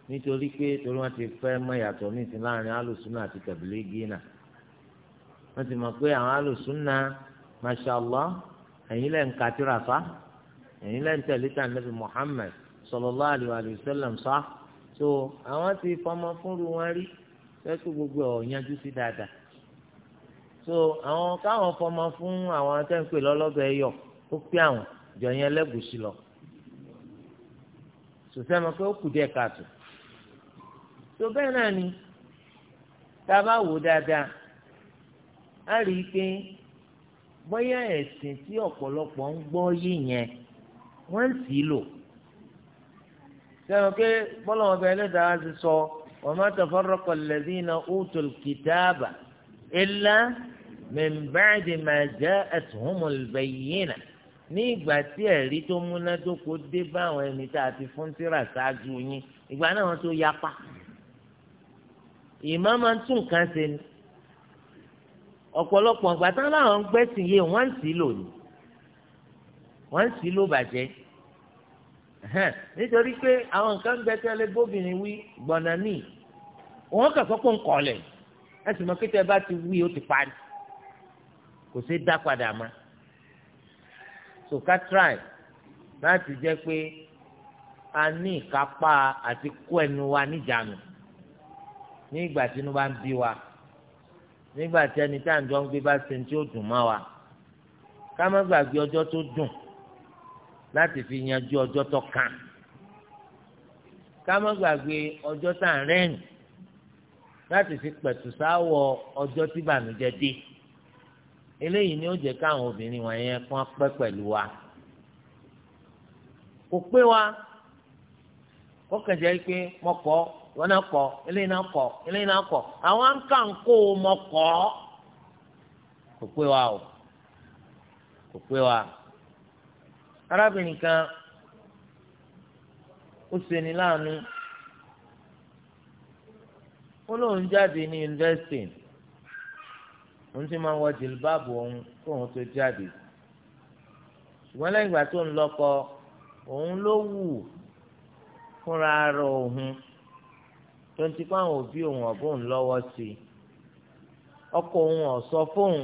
nítorí pé torí wọ́n ti fẹ́ mọ̀ yàtọ̀ nísìn láàrin alùsùnà àti tàbílígínà wọ́n ti mọ̀ pé àwọn alùsùnà mashallah ẹ̀yin lẹ ń ka tírà fa ẹ̀yin lẹ ń tẹ̀lé tà nàbì Muhammad sallallahu alaihi wa sallam sá so àwọn ti fọmọ fúnru wọn rí fẹ́ẹ́ gbogbo ọ̀ yanjú sí dáadáa so àwọn káwọn fọmọ fún àwọn atẹ́ǹpẹ́ lọ́lọ́bẹ̀ yọ ó pé àwọn jọ yẹn lẹ́gùsì lọ sòsẹ́ mọ̀ pé ó kù díẹ̀ káàtó tó bẹ́ẹ̀ náà ni tá a bá wò dáadáa a rí i pé bóyá ẹ̀sìn tí ọ̀pọ̀lọpọ̀ ń gbọ́ yìí yẹn wọ́n ń sì lò sẹ́wọ̀n pé bọ́lá wọn bẹ̀rẹ̀ dáa ti sọ wọ́n má tafarraqa alladhina utul kitaba illa min ba'di ma ja'athumul bayyina ní ìgbà tí ẹ̀rí tó múnádóko dé bá àwọn ẹni tá a ti fún tírà ṣáájú yín ìgbà náà wọ́n tó yapa ìmọ̀ máa ń tún nǹkan ṣe ni ọ̀pọ̀lọpọ̀ ìgbà tán láwọn ń gbẹ́sìn yé wọ́n ń sì lò ní wọ́n ń sì lò bàjẹ́ nítorí pé àwọn nǹkan gbẹ́sẹ̀lé bóbìnrin wí gbọ̀nà míì wọ́n kàkọ́ pọ̀ ń kọ̀ọ̀lẹ̀ ẹ sì mọ kíkẹ́ bá ti wí ó ti parí kò sí dá padà mọ́ so ká try láti jẹ́ pé a ní ìkápá àti kó ẹnu wa níjànú ní ìgbà tí inú bá ń bí wa nígbà tí ẹni tá à ń jọ ń gbé bá ṣe tí ó dùn mọ́ wa ká má gbàgbé ọjọ́ tó dùn láti fi yanjú ọjọ́ tó kàn ká má gbàgbé ọjọ́ tá à ń rẹ́rìn láti fi pẹ̀tù sáwọ ọjọ́ tí bànújẹ́ dé eléyìí ni ó jẹ́ káwọn obìnrin wọ̀nyẹn kán pẹ́ pẹ̀lú wa kò pé wa kọ́kànjẹ́ pé mọ́kọ́ wọn náà kọ eléyìí náà kọ eléyìí náà kọ àwọn àǹkà ń kó o mọ kọ kò pé wa o kò pé wa arábìnrin kan ó ṣeni láàánú ó lóun jáde ní yunifásitì òun ti máa ń wọ jìlbáàbù òun kóun tó jáde ṣùgbọ́n lẹ́yìn ìgbà tó ń lọ́kọ òun ló wù fúnra rẹ̀ òun tó ń ti kó àwọn òbí òun ọ̀bùn lọ́wọ́ sí i ọkọ òun ọ̀sọ́ fóun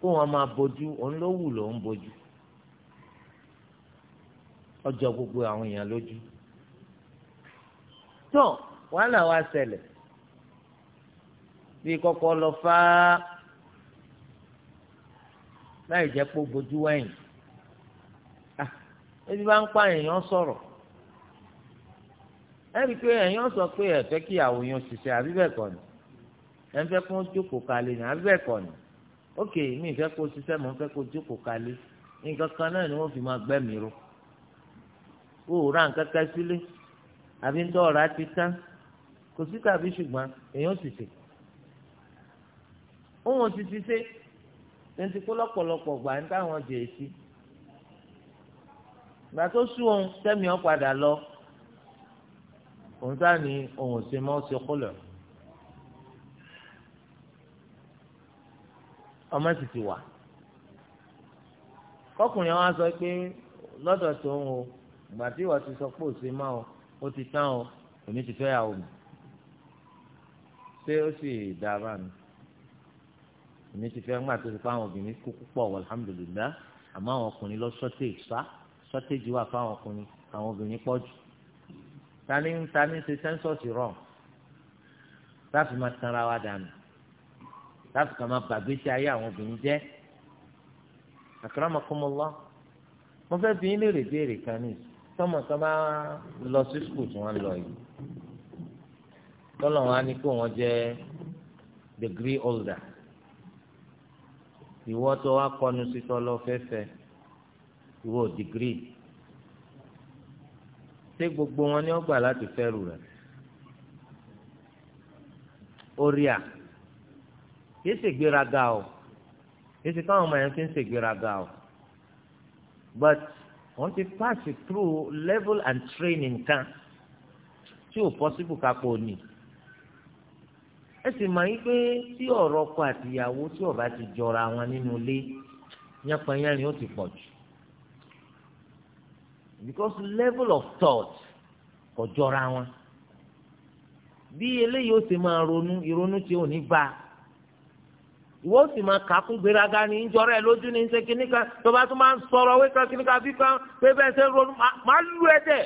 kó wọn máa bójú òun ló wù lòun bójú ọjọ́ gbogbo àwọn èèyàn lójú tó wàhálà wa ṣẹlẹ̀ bí kọ́kọ́ lọ fá láì jẹ́ pé ó bójú wẹ̀yìn ah, ebi bá ń pa èèyàn sọ̀rọ̀ ẹ̀rí pé ẹ̀yin sọ pé ẹ fẹ́ kí ìyàwó yẹn ṣiṣẹ́ àbí bẹ́ẹ̀ kọ́ ni ẹ fẹ́ kó jókòó kalẹ̀ ni àbí bẹ́ẹ̀ kọ́ ni ókè mi fẹ́ kó ṣiṣẹ́ mọ́ fẹ́ kó jókòó kalẹ̀ nǹkan kan náà ni wọ́n fi máa gbẹ́mìí ro kó o ra nǹkan kan sílé àbí ń dọ́ọ̀rá ti tán kò sí tàbí ṣùgbọ́n èèyàn sì ṣe òun ti ti ṣe tẹ̀sí kó lọ́pọ̀lọpọ̀ gbà ń táwọn jẹ̀ sí gbà tó sú òun tẹ́mi ọ̀ padà lọ òun sáà ní òun ṣe mọ́ ṣe kúlọ̀ ọmọ sì ti wà kọkùnrin wa sọ pé lọ́dọ̀ tó ń o ìgbà tí ìwà ti sọ pé òṣè máa o ó ti tán o èmi ti fẹ́ yàwó mi ṣé ó sì dára mi èmi ti fẹ́ ńgbà tó ti pa àwọn obìnrin kú púpọ̀ alhamdulillah àmọ́ àwọn ọkùnrin lọ sọ́tẹ̀ sá sọ́tẹ̀ jù wà fáwọn ọkùnrin àwọn obìnrin pọ̀ jù tani tani se sẹ́ńsọ̀sì rọ̀ láti máa tanra wa dànù láti kàn máa bàgbésí ayé àwọn obìnrin jẹ́ akramakumullah mo fẹ́ bi yín léèrè béèrè kan ní tọmọ kan bá lọ sí skul tí wọ́n lọ yìí tọ́lọ̀ wọn á ní kó wọn jẹ́ degree holder ìwọ́ tó wá kọ́nu sí tọ́lọ́ fẹ́fẹ́ ìwọ́ degree ṣé gbogbo wọn ni ó gbà láti fẹ́rù rẹ̀ orí à yìí ṣègbéraga o yìí ṣe káwọn ọmọ yẹn fi ń ṣègbéraga o but wọ́n ti pass through level and training kan tí ò possible kápò ní ẹ sì mọ̀ yín pé tí ọ̀rọ̀ ọkọ àtìyàwó tí ó bá ti jọra wọn nínú ilé yánpọnyánrin ó ti pọ̀ jù because level of thought kò jọra wọn bí eléyìí ó sì máa ronú ìrònú tí ò ní bá a ìwọ sì máa kà á fún gbéraga ní ìjọra ẹ lójú ní ṣe kíní kan tó bá tún máa ń sọ̀rọ̀ wípé kíní kan fífa pé bẹ́ẹ̀ ṣe ronú máa lù ẹ dẹ̀.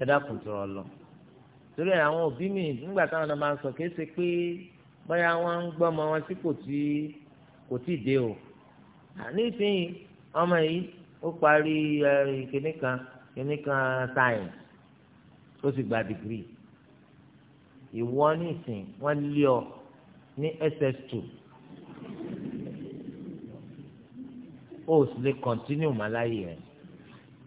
ẹ dákun tọrọ lọ torí àwọn òbí mi nígbà táwọn náà máa ń sọ kìí ṣe pé báyà wọn ń gbọ́ ọmọ wọn tí kò tí kò tí dé o nísìnyí ọmọ yìí ó parí ìkíní kan ìkíní kan science ó sì gba degree ìwọ nísìn wọ́n lé ọ ní ss2 ó sì lè continue mọ́ láyé rẹ̀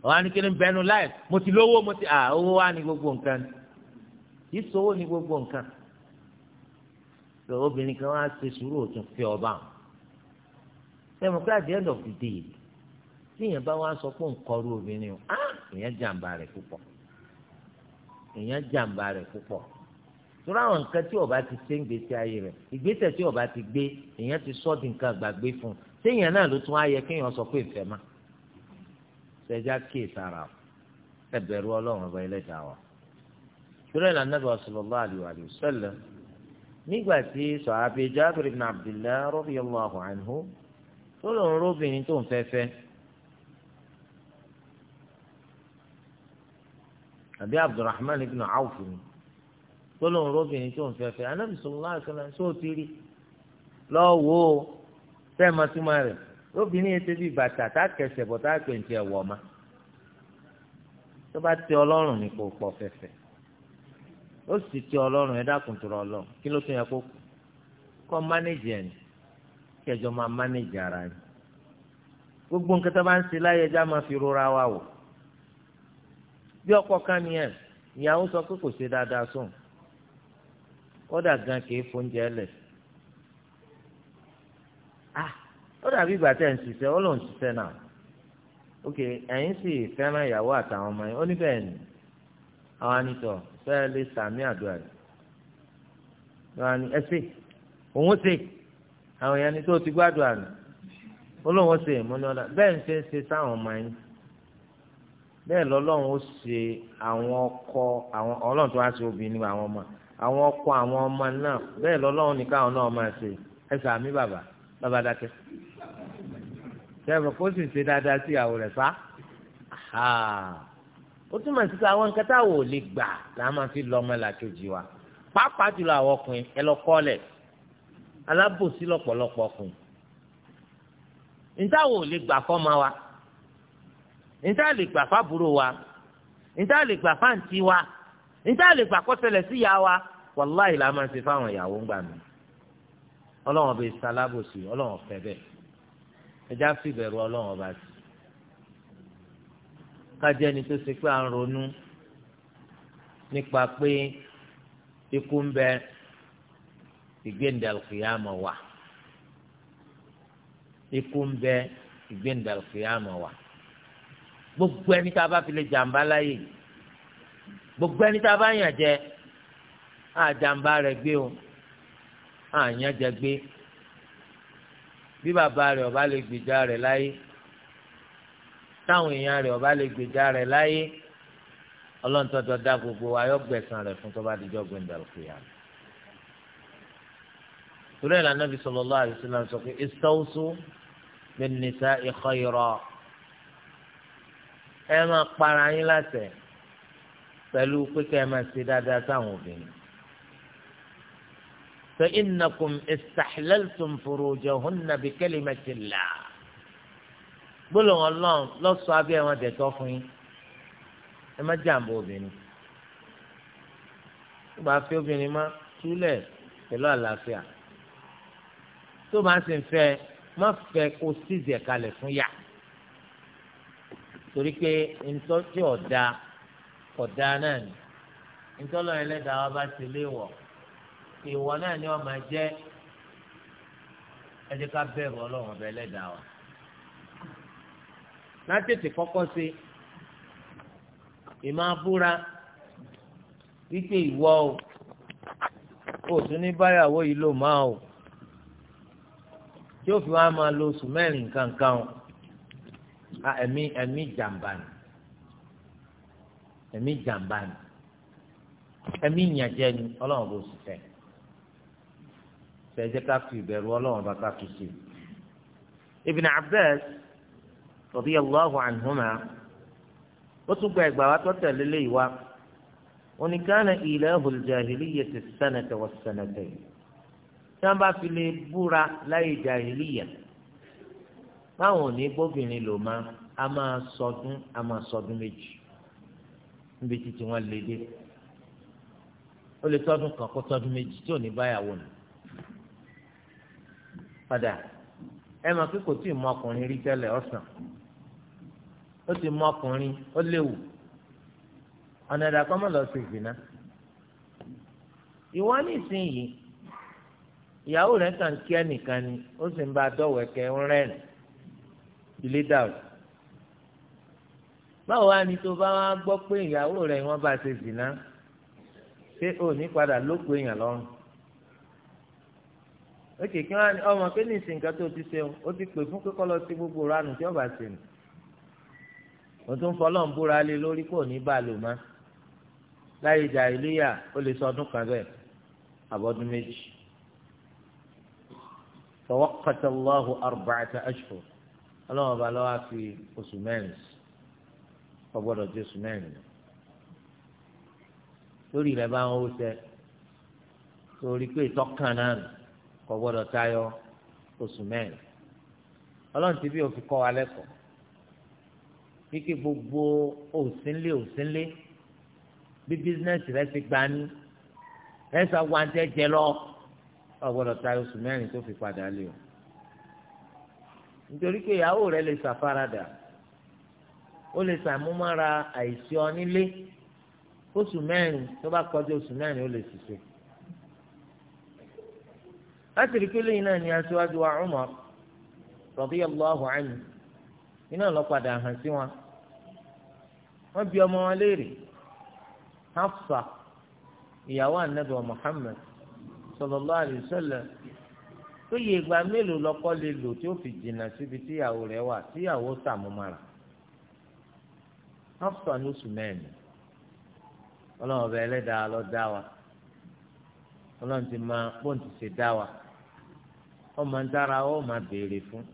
wọ́n á ní kíni bẹnu láì mo ti lówó mo ti à owó wà ní gbogbo nǹkan yìí sọ owó gbogbo nǹkan obìnrin kan wá ṣe sùúrù òtún fi ọba sẹ́mu ká at the end of the day tíyẹn bá wá sọ pé nkọrú obìnrin o ìyẹn jàǹbá rẹ̀ púpọ̀ ìyẹn jàǹbá rẹ̀ púpọ̀ torí àwọn nǹkan tí ọba ti ṣe ń gbèsè ayé rẹ̀ ìgbésẹ̀ tí ọba ti gbé ìyẹn ti sọ di nǹkan gbàgbé fún un tíyẹn náà ló tún á yẹ kéèyàn sọ pé ìfẹ́ má ṣẹjá kíì sára ẹ bẹ̀rù ọba Ẹlẹ́dàá wa torí ẹ̀ lànà bá sallallahu alaihi wa nígbà tí sọ̀hábí Jábìrì ibn Abdillah radiyallahu anhu tó lòun róbìnrin tó ń fẹ́ fẹ́ àbí abdulrahman ibn awf ni tó lóun róbìnrin tó ń fẹ́fẹ́ anábì sallallahu alaihi wasallam tó ti rí lọ́wọ́ sẹ́ẹ̀mà túmọ̀ rẹ̀ róbìnrin yẹn ti bí bàtà tá kẹsẹ̀ bọ̀ tá pèntì ẹ̀wọ̀ ọ̀ma tó bá ti ọlọ́run ní kò pọ̀ fẹ́fẹ́ ó sì ti ọlọ́run ẹ dákun ọlọ́run kí ló tún yẹ kó kọ́ mánéjì ẹ̀ ní kẹjọ máa mánéjì ara yìí gbogbo nǹkan tó bá ń ṣe láyé ẹja máa fi rora wa wò bí ọkọ kan nìyẹn ìyàwó sọ pé kò ṣe dáadáa sùn kódà gan kìí fóúnjẹ lẹ̀ ah ó dàbí ìgbà tẹ̀ ń ṣiṣẹ́ ó lòún ṣiṣẹ́ náà ok ẹ̀yin sì fẹ́ràn ìyàwó àtàwọn ọmọ yẹn ó ní bẹ́ẹ̀ ni àwọn anìtọ̀ fẹ́ẹ́ lè sàmì àdúrà rẹ̀ lọ́wọ́ ni ẹ ṣe òun ṣe àwọn èèyàn ni tó ti gbádùn àná ó lóun ṣe ìmúni bẹ́ẹ̀ ń ṣe ṣe sáwọn ọmọ yẹn bẹ́ẹ̀ lọ́lọ́run ó ṣe àwọn ọkọ àwọn ọlọ́run tó wá ṣe obìnrin àwọn ọmọ àwọn ọkọ àwọn ọmọ náà bẹ́ẹ̀ lọ́lọ́run ní káwọn náà máa ṣe ẹ sàmí bàbá bàbá dákẹ́ sẹ́fọ̀ kó sì ṣe dáadáa sí ìyàwó rẹ̀ sá ó túmọ̀ sí àwọn nǹkan táwọn ò lè gbà tá a máa fi lọ ọmọ làkejì wa pàápàá jùlọ àwọn ọkùnrin ẹ lọ kọ́lẹ̀ alábòsí lọ́pọ̀lọpọ̀ ọkùnrin níta níta lè gbà fábúrò wa níta lè gbà fáǹtì wa níta lè gbà kọ́sẹ̀lẹ̀ sí ìyá wa wàláhì la máa ń ṣe fáwọn ìyàwó ń gbà mí ọlọ́wọ́n bẹ sálábòsì ọlọ́wọ́n fẹ́ bẹ́ẹ̀ ẹjá fìbẹ̀rù ọlọ́wọ́n bá ti kájẹ́ ni tó ṣe pé à ń ronú nípa pé ikú ń bẹ ìgbéǹdàlùkìyàmọ̀ wà ikú ń bẹ ìgbéǹdàlùkìyàmọ̀ wà gbogbo ẹni tá a bá fi lè jàǹbá láyè gbogbo ẹni tá a bá yàn jẹ àjàǹbá rẹ gbé o àyàn jẹ gbé bí bàbá rẹ ọba lè gbèjà rẹ láyé táwọn èèyàn rẹ ọba lè gbèjà rẹ láyé ọlọ́ntọ́tọ́ dá gbogbo ayọ́gbẹ̀sán rẹ fún tọ́ba àdìjọ́ gbẹ̀ndàlùkù yàrá torí ẹ̀ bí sallallahu alaihi sọ pé istawsu bin nisa'i khayra ẹ máa para yín láṣẹ pẹ̀lú pé kẹ́ ẹ máa ṣe dáadáa sáwọn obìnrin. فإنكم استحللتم فروجهن بكلمة الله gbólóhùn ọlọ́run lọ́sọ̀ abẹ́ ẹ̀wọ̀n dẹ̀tọ́ fún yín ẹ má jàǹbá obìnrin tó bá fẹ́ obìnrin má túlẹ̀ pẹ̀lú àlàáfíà tó bá sì ń fẹ́ má fẹ́ kó sízẹ̀ kalẹ̀ fún yàrá torí pé ntọ́ tí ọ̀dà ọ̀dà náà ni ntọ́lọ́ ẹlẹ́dàá wa bá ti lé wọ̀ ìwọ náà ni wọ́n máa jẹ́ ẹdí ká bẹ̀rù ọlọ́run ọbẹ̀ ẹlẹ́dàá wa látètè kọ́kọ́ sí ìmọ̀ abúra wípé ìwọ o kò tún ní báyàwó yìí lò máa o tí ó fi wá máa lo oṣù mẹ́rin kankan o. Ah, ẹ̀mí ẹ̀mí jàmbá ni ẹ̀mí jàmbá ni ẹ̀mí ìyànjẹ ni ọlọ́run bó sì fẹ́ fẹ́ẹ́ jẹ́ ká fi ìbẹ̀rù ọlọ́run bá ká fi ṣe. Ibn Abbas radiyallahu anhuma ó tún gba ìgbà wa tó tẹ̀lé lé ìwà oníkànnà ilahul jahiliyyati as-sanata was-sanatayn tí wọ́n bá fi lè búra láyé jahiliyyah. táwọn ò ní bóbìnrin lò má a máa sọdún a máa sọdún méjì níbi títí wọn lè dé ó lè tọdún kan kó tọdún méjì tí ò ní báyàwó nù padà ẹ mọ̀ pé kò mọ ọkùnrin rí ó ti mọ ọkùnrin ó léwu ọ̀nà ìdàkọ́ mọ̀ lọ sí ìgbìnà ìwọ nísìnyí ìyàwó rẹ̀ kàn kí ẹnìkan ni ó sì ń bá a dọ̀wọ̀ ilé dàrú báwo wá ní tó bá wá gbọ́ pé ìyàwó rẹ̀ wọ́n bá ṣe zìnà ṣé ò ní padà lóko èèyàn lọ́rùn ó kì í kí wọ́n ọmọ pé ní ìsìn nǹkan tó ti ṣe ó ti pè fún kíkọ́ lọ sí gbogbo ránù tí ọba ṣe nù ó tún fọlọ́ ń búra lé lórí kò ní bá lò má láyé ìjà ìlúyà ó lè sọ ọdún kan bẹ́ẹ̀ àbọ̀dún méjì tawaqqata Allahu arba'ata ashhur ọlọ́run ọba lọ́wọ́ fi oṣù mẹ́rin ọgbọ́dọ̀ ju oṣù mẹ́rin lọ lórí rẹ̀ bá wọn ó sẹ́ torí pé ìtọ́kàn náà kò gbọ́dọ̀ tayọ oṣù mẹ́rin ọlọ́run ti bí òfin kọ́ wa lẹ́kọ̀ọ́ kíkí gbogbo òsínlé òsínlé bí bísínẹ́sì rẹ ti gba ní ẹ̀sà wáńtẹ́ jẹ lọ ọ̀gbọ́dọ̀ tayọ oṣù mẹ́rin tó fi padà lé o. nítorí pé ìyàwó rẹ lè ṣàfaradà ó lè ṣàmúmára àìsí ọ nílé oṣù mẹ́rin tó bá kọjá oṣù mẹ́rin ó lè ṣiṣẹ́ láti rí kílé iná ni aṣíwájú wa Umar radiyallahu anhu iná hàn sí wọn bi ọmọ wọn léèrè Hafsa ìyàwó anabi wa Muhammad sallallahu alayhi pé iye ìgbà mélòó lọ́kọ lè lò tí ó fi jìnnà síbi tíyàwó rẹ̀ wà tíyàwó sàmúmarà hafsa ní oṣù mẹ́rin ọlọ́run ọba ẹlẹ́dàá lọ dá wa ọlọ́run ti máa pọ́ùn ti ṣe dá wa ọmọ ń dára ó máa béèrè fún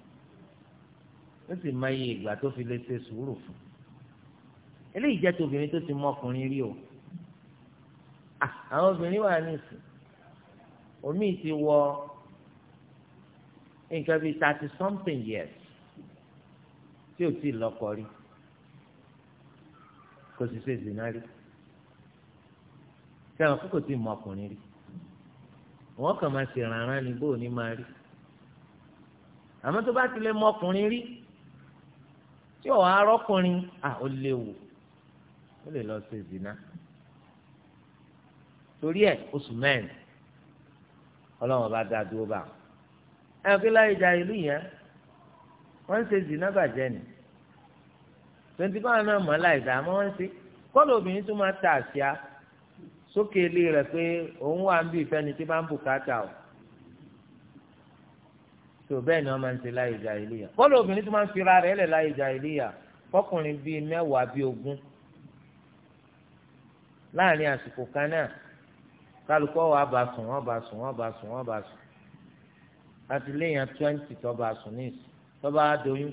ó sì máa yẹ ìgbà tó fi lè ṣe sùúrù fún eléyìí jẹ́ tobìnrin tó ti mọ ọkùnrin rí o ah, àwọn obìnrin wà ní ìsìn omi ti wọ nǹkan bíi thirty something years tí ò tí ì lọ́kọ rí kò sì ṣe zina rí sẹ́wọ̀n kókò tí ì mọ ọkùnrin rí wọ́n kàn máa ṣe rànran ni bóun ní máa rí àmọ́ tó bá ti lè mọ ọkùnrin rí tí ò arọ́kùnrin à ó léwu ó lè lọ ṣe zina torí ẹ̀ oṣù mẹ́rin ọlọ́run bá dá dúró báwọn ẹ̀kí láyé ìjà ìlú yẹn wọ́n ń ṣe zina bàjẹ́ ni tonti báwọn náà mọ̀ láì dá mọ́ wọ́n ṣe kọ́lù obìnrin tó máa ta àṣìá sókè ilé rẹ̀ pé òun wà ń bí ìfẹ́ni tí bá ń bùkátà o tó bẹ́ẹ̀ ni wọ́n máa ń ṣe láyé ìjà ìlú yẹn kọ́lù obìnrin tó máa ń fira rẹ̀ lẹ̀ láyé ìjà ìlú yẹn fọkùnrin bíi mẹ́wàá bíi ogún láàrin àsìkò kan náà kálukọ́ wa bá sùn wọ́n bá sùn wọ́n bá sùn wọ́n bá sùn àti léèyàn twenty tọba sunis tọba doyún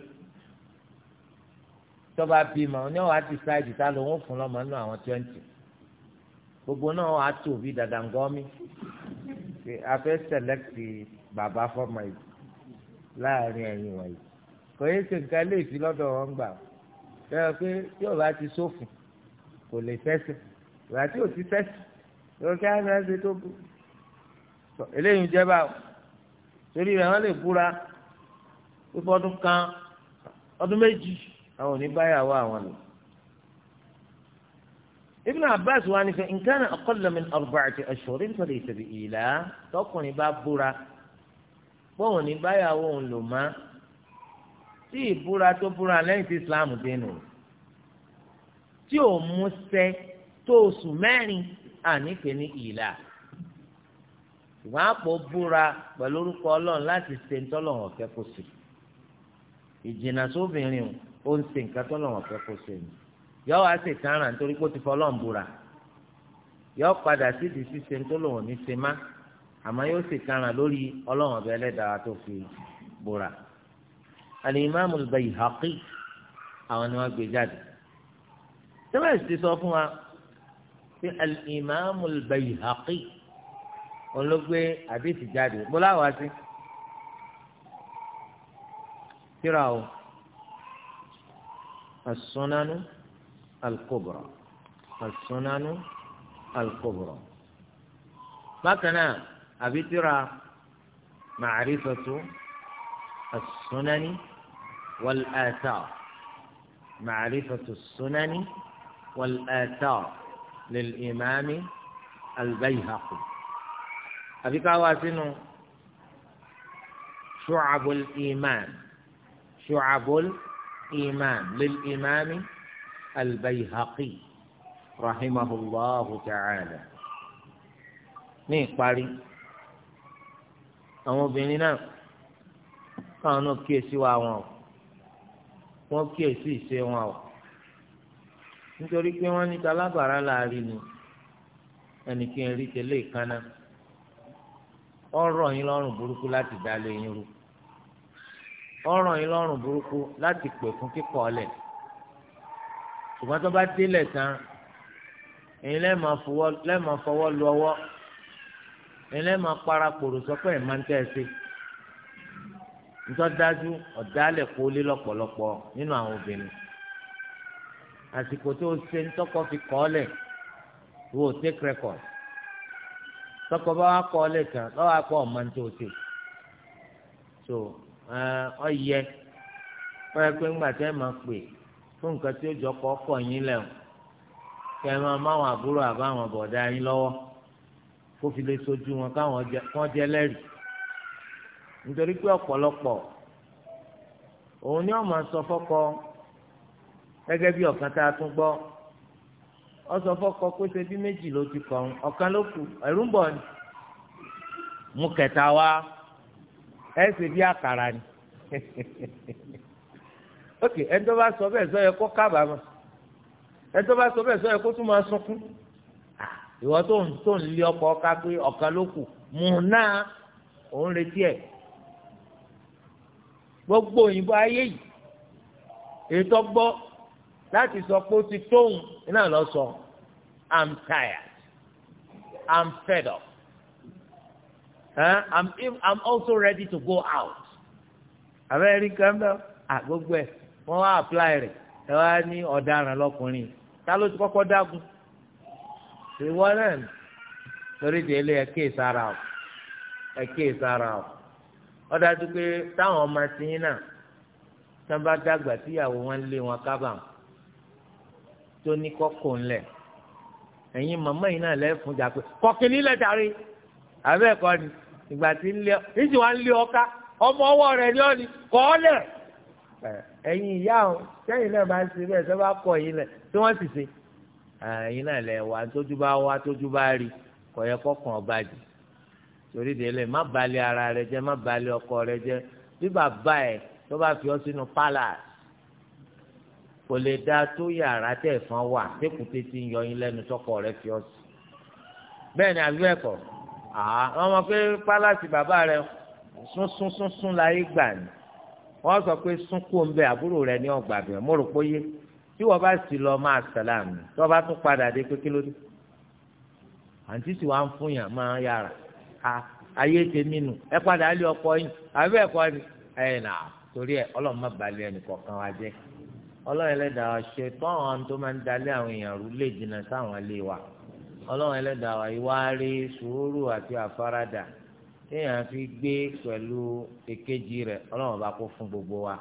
tọba bímọ ní ọwọ́ àti ṣáìdì tá ló ń fún lọ́mọ nínú àwọn twenty gbogbo náà wàá tó bí dàdàngọ́mí afẹ́ sẹlẹ́kìtì bàbá fọmọ yìí láàrin ẹ̀yìn wọ̀nyí kò yẹ ṣe nǹkan lè fi lọ́dọ̀ wọn gbà bẹ́ẹ̀ pé tí ọba ti sófin kò lè fẹsẹ̀ ìgbà tí ò ti fẹsẹ̀ lókè àgbẹ̀ ṣe tó bu eléyìí jẹ́ báwọn torí rẹ̀ wọ́n lè búra pípọ́ ọdún kan ọdún méjì àwọn oníbáyàwó àwọn lò. Ibn Abbas wa ni fẹ nǹkan aqalla min arba'ati ashhurin falaysa bi ila tọkùnrin bá búra bọ́ọ̀ oníbáyàwó ń lò má tí ìbúra tó búra lẹ́yìn tí Islam dénú tí ò mú ṣẹ tó oṣù mẹ́rin àníkè ní ìlà ṣùgbọ́n àpò búra pẹ̀lú orúkọ ọlọ́run láti ṣe ń tọ́lọ̀wọ̀n fẹ́ kó ṣe ìjìnà sóbìnrin ó ń ṣe nǹkan tọ́lọ̀wọ̀n fẹ́ kó ṣe ni yọ wá ṣe kárà nítorí pé ó ti fọlọ́run búra yọ padà sídi ṣíṣe tọ́lọ̀wọ̀n ní ṣe má àmọ́ yóò ṣe kárà lórí ọlọ́run ọbẹ̀ ẹlẹ́dàá tó fi búra. Al-Imam Al-Bayhaqi àwọn ni wọ́n gbé jáde sẹ́wọ́n ti sọ fún wa pé Al-Imam Al-Bayhaqi. òun ló gbé àdéhìí jáde mo láwàá sí tíra o as-sunanu al-kubra as-sunanu náà àbí tíra ma'rifatu as-sunani wal-athar ma'rifatu as-sunani wal-athar lil-imami al-bayhaqi. àfi ká wá sínú ṣùcàbùl ìmán ṣùcàbùl ìmán lil ìmáni albayhaqi rahimahullahu ta'ala ní ìparí àwọn obìnrin náà káwọn náà kíyèsí wa wọn o wọn kíyèsí ìṣe wọn o nítorí pé wọn ní talábàárà láàrin ni ẹnì kí n rí tẹ́lẹ̀ ìkànnà. ọ̀rọ̀ yín lọ́rùn burúkú láti dálé yín rú ọ̀rọ̀ yín lọ́rùn burúkú láti pè fún kíkọ̀ ọ̀lẹ̀ ṣùgbọ́n tó bá délẹ̀ tán èyí lẹ́ẹ̀ma fọwọ́ lu ọwọ́ èyí lẹ́ẹ̀ma para kòrò sọ pé ẹ̀ máa ń tẹ́ ẹ sí nítorí dájú ọ̀dálẹ̀ kó lé lọ́pọ̀lọpọ̀ nínú àwọn obìnrin àsìkò tó ṣe ń tọ́kọ fi kọ́ ọ̀lẹ̀ wo take record tọkọ bá wà kọ́ lẹ́kàn lọ́wọ́ akọ́ ọ̀mọ́ ní tó ṣe so ọyẹ wọ́n yẹ pé ńgbà tẹ́ máa pè fún nǹkan tí ó jọ kọ́ ọkọ̀ yín lẹ́wọ̀n kẹ́ ẹ máa máwọn àbúrò àbáwọn bọ̀dá yín lọ́wọ́ kó fi lè sojú wọn káwọn jẹ lẹ́rìí nítorí pé ọ̀pọ̀lọpọ̀ òun ni wọ́n sọ fọ́kọ gẹ́gẹ́ bí ọ̀kan tá a tún gbọ́ ó sọ fọ́kọ pé ṣe bí méjì ló ti kọ ọ̀kan ló kù ẹ̀rú ń bọ̀ ni mú kẹta wá ẹ ṣe bí àkàrà ni ok ẹni tó bá sọ bẹ́ẹ̀ sọ yẹ kó kábàámọ̀ ẹni tó bá sọ bẹ́ẹ̀ sọ yẹ kó tún máa sunkún ìwọ tó ń tó ń lé ọkọ ká pé ọ̀kan ló kù mú náà òun retí ẹ̀ gbogbo òyìnbó ayé yìí ètò gbọ́ láti sọ pé ó ti tóun iná lọ sọ i'm tired i'm fed up huh? i'm i'm also ready to go out àbẹ rí nǹkan bẹ àgbógbó ẹ wọn wá apply rẹ ẹ wá ní ọ̀daràn lọkùnrin ta ló ti kọ́kọ́ dágun ìwọ náà lórí ìdílé ẹ kéè sára o ẹ kéè sára o ó dájú pé táwọn ọmọ tiyín náà tí wọn bá dàgbà tíyàwó wọn lé wọn kábàámọ̀ tó ní kọ́kọ́ ńlẹ̀ ẹ̀yin màmá yìí náà lẹ́fun jà pé kọ́kìnní lẹ́tàrí àbẹ́ẹ̀kọ́ ni ìgbà tí ń lé ọ níṣì wá ń lé ọká ọmọ ọwọ́ rẹ̀ ni ọ́ ni kọ́ ọ lẹ̀ ẹ̀yin ìyá ọ sẹ́yìn náà máa ń ṣe bẹ́ẹ̀ sọ́ bá kọ́ yín lẹ̀ tí wọ́n sì ṣe ẹ̀yin náà lẹ̀ wá tójú bá wá tójú bá rí kọ̀ yẹ kọ́kàn ọba jù torí délé má balẹ̀ ara rẹ jẹ́ má balẹ̀ ọkọ rẹ jẹ́ bí bàbá ẹ̀ tó bá fi ọ sínú palace kò lè da tó yàrá tẹ̀ fún wa tẹ́kùtẹ́ ti ń yọyin lẹ́nu sọ́kọ rẹ fi ọ́ sí. bẹ́ẹ̀ ni àbí bẹ́ẹ̀ kọ́ àwọn ọmọ pé pálásì bàbá rẹ sún sún sún sún láyé gbà ní wọ́n sọ pé sún kú ń bẹ àbúrò rẹ ní ọgbà bẹ̀ mo rò pé yé tí wọ́n bá sì lọ máa sàlámù tí wọ́n bá tún padà dé pé kí ló dé. àǹtí sì wá ń fún yàn máa yàrá ayé tèmi nù ẹ padà lé ọkọ yín àbí bẹ́ẹ̀ ni ẹ̀ nà torí ẹ ọlọ́run ọlọ́run ẹlẹ́dàá wa ṣe tó àwọn tó máa ń dalẹ̀ àwọn èèyàn rú lè jìnnà sáwọn ilé wa ọlọ́run ẹlẹ́dàá wa ìwárí sùúrù àti àfaradà téèyàn fi gbé pẹ̀lú èkejì rẹ̀ ọlọ́run bá kó fún gbogbo wa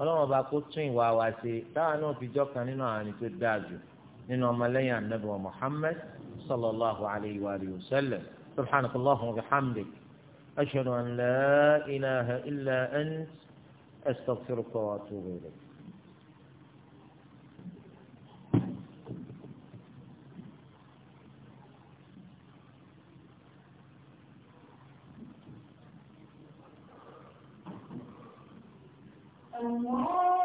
ọlọ́run bá kó tún ìwà wa ṣe táwọn náà fi jọ́kan nínú àwọn ẹni tó dáa jù nínú ọmọlẹ́yìn anabi wa muhammed sallallahu alayhi wa sallam subhanakallahu wa bihamdik wa atubu الله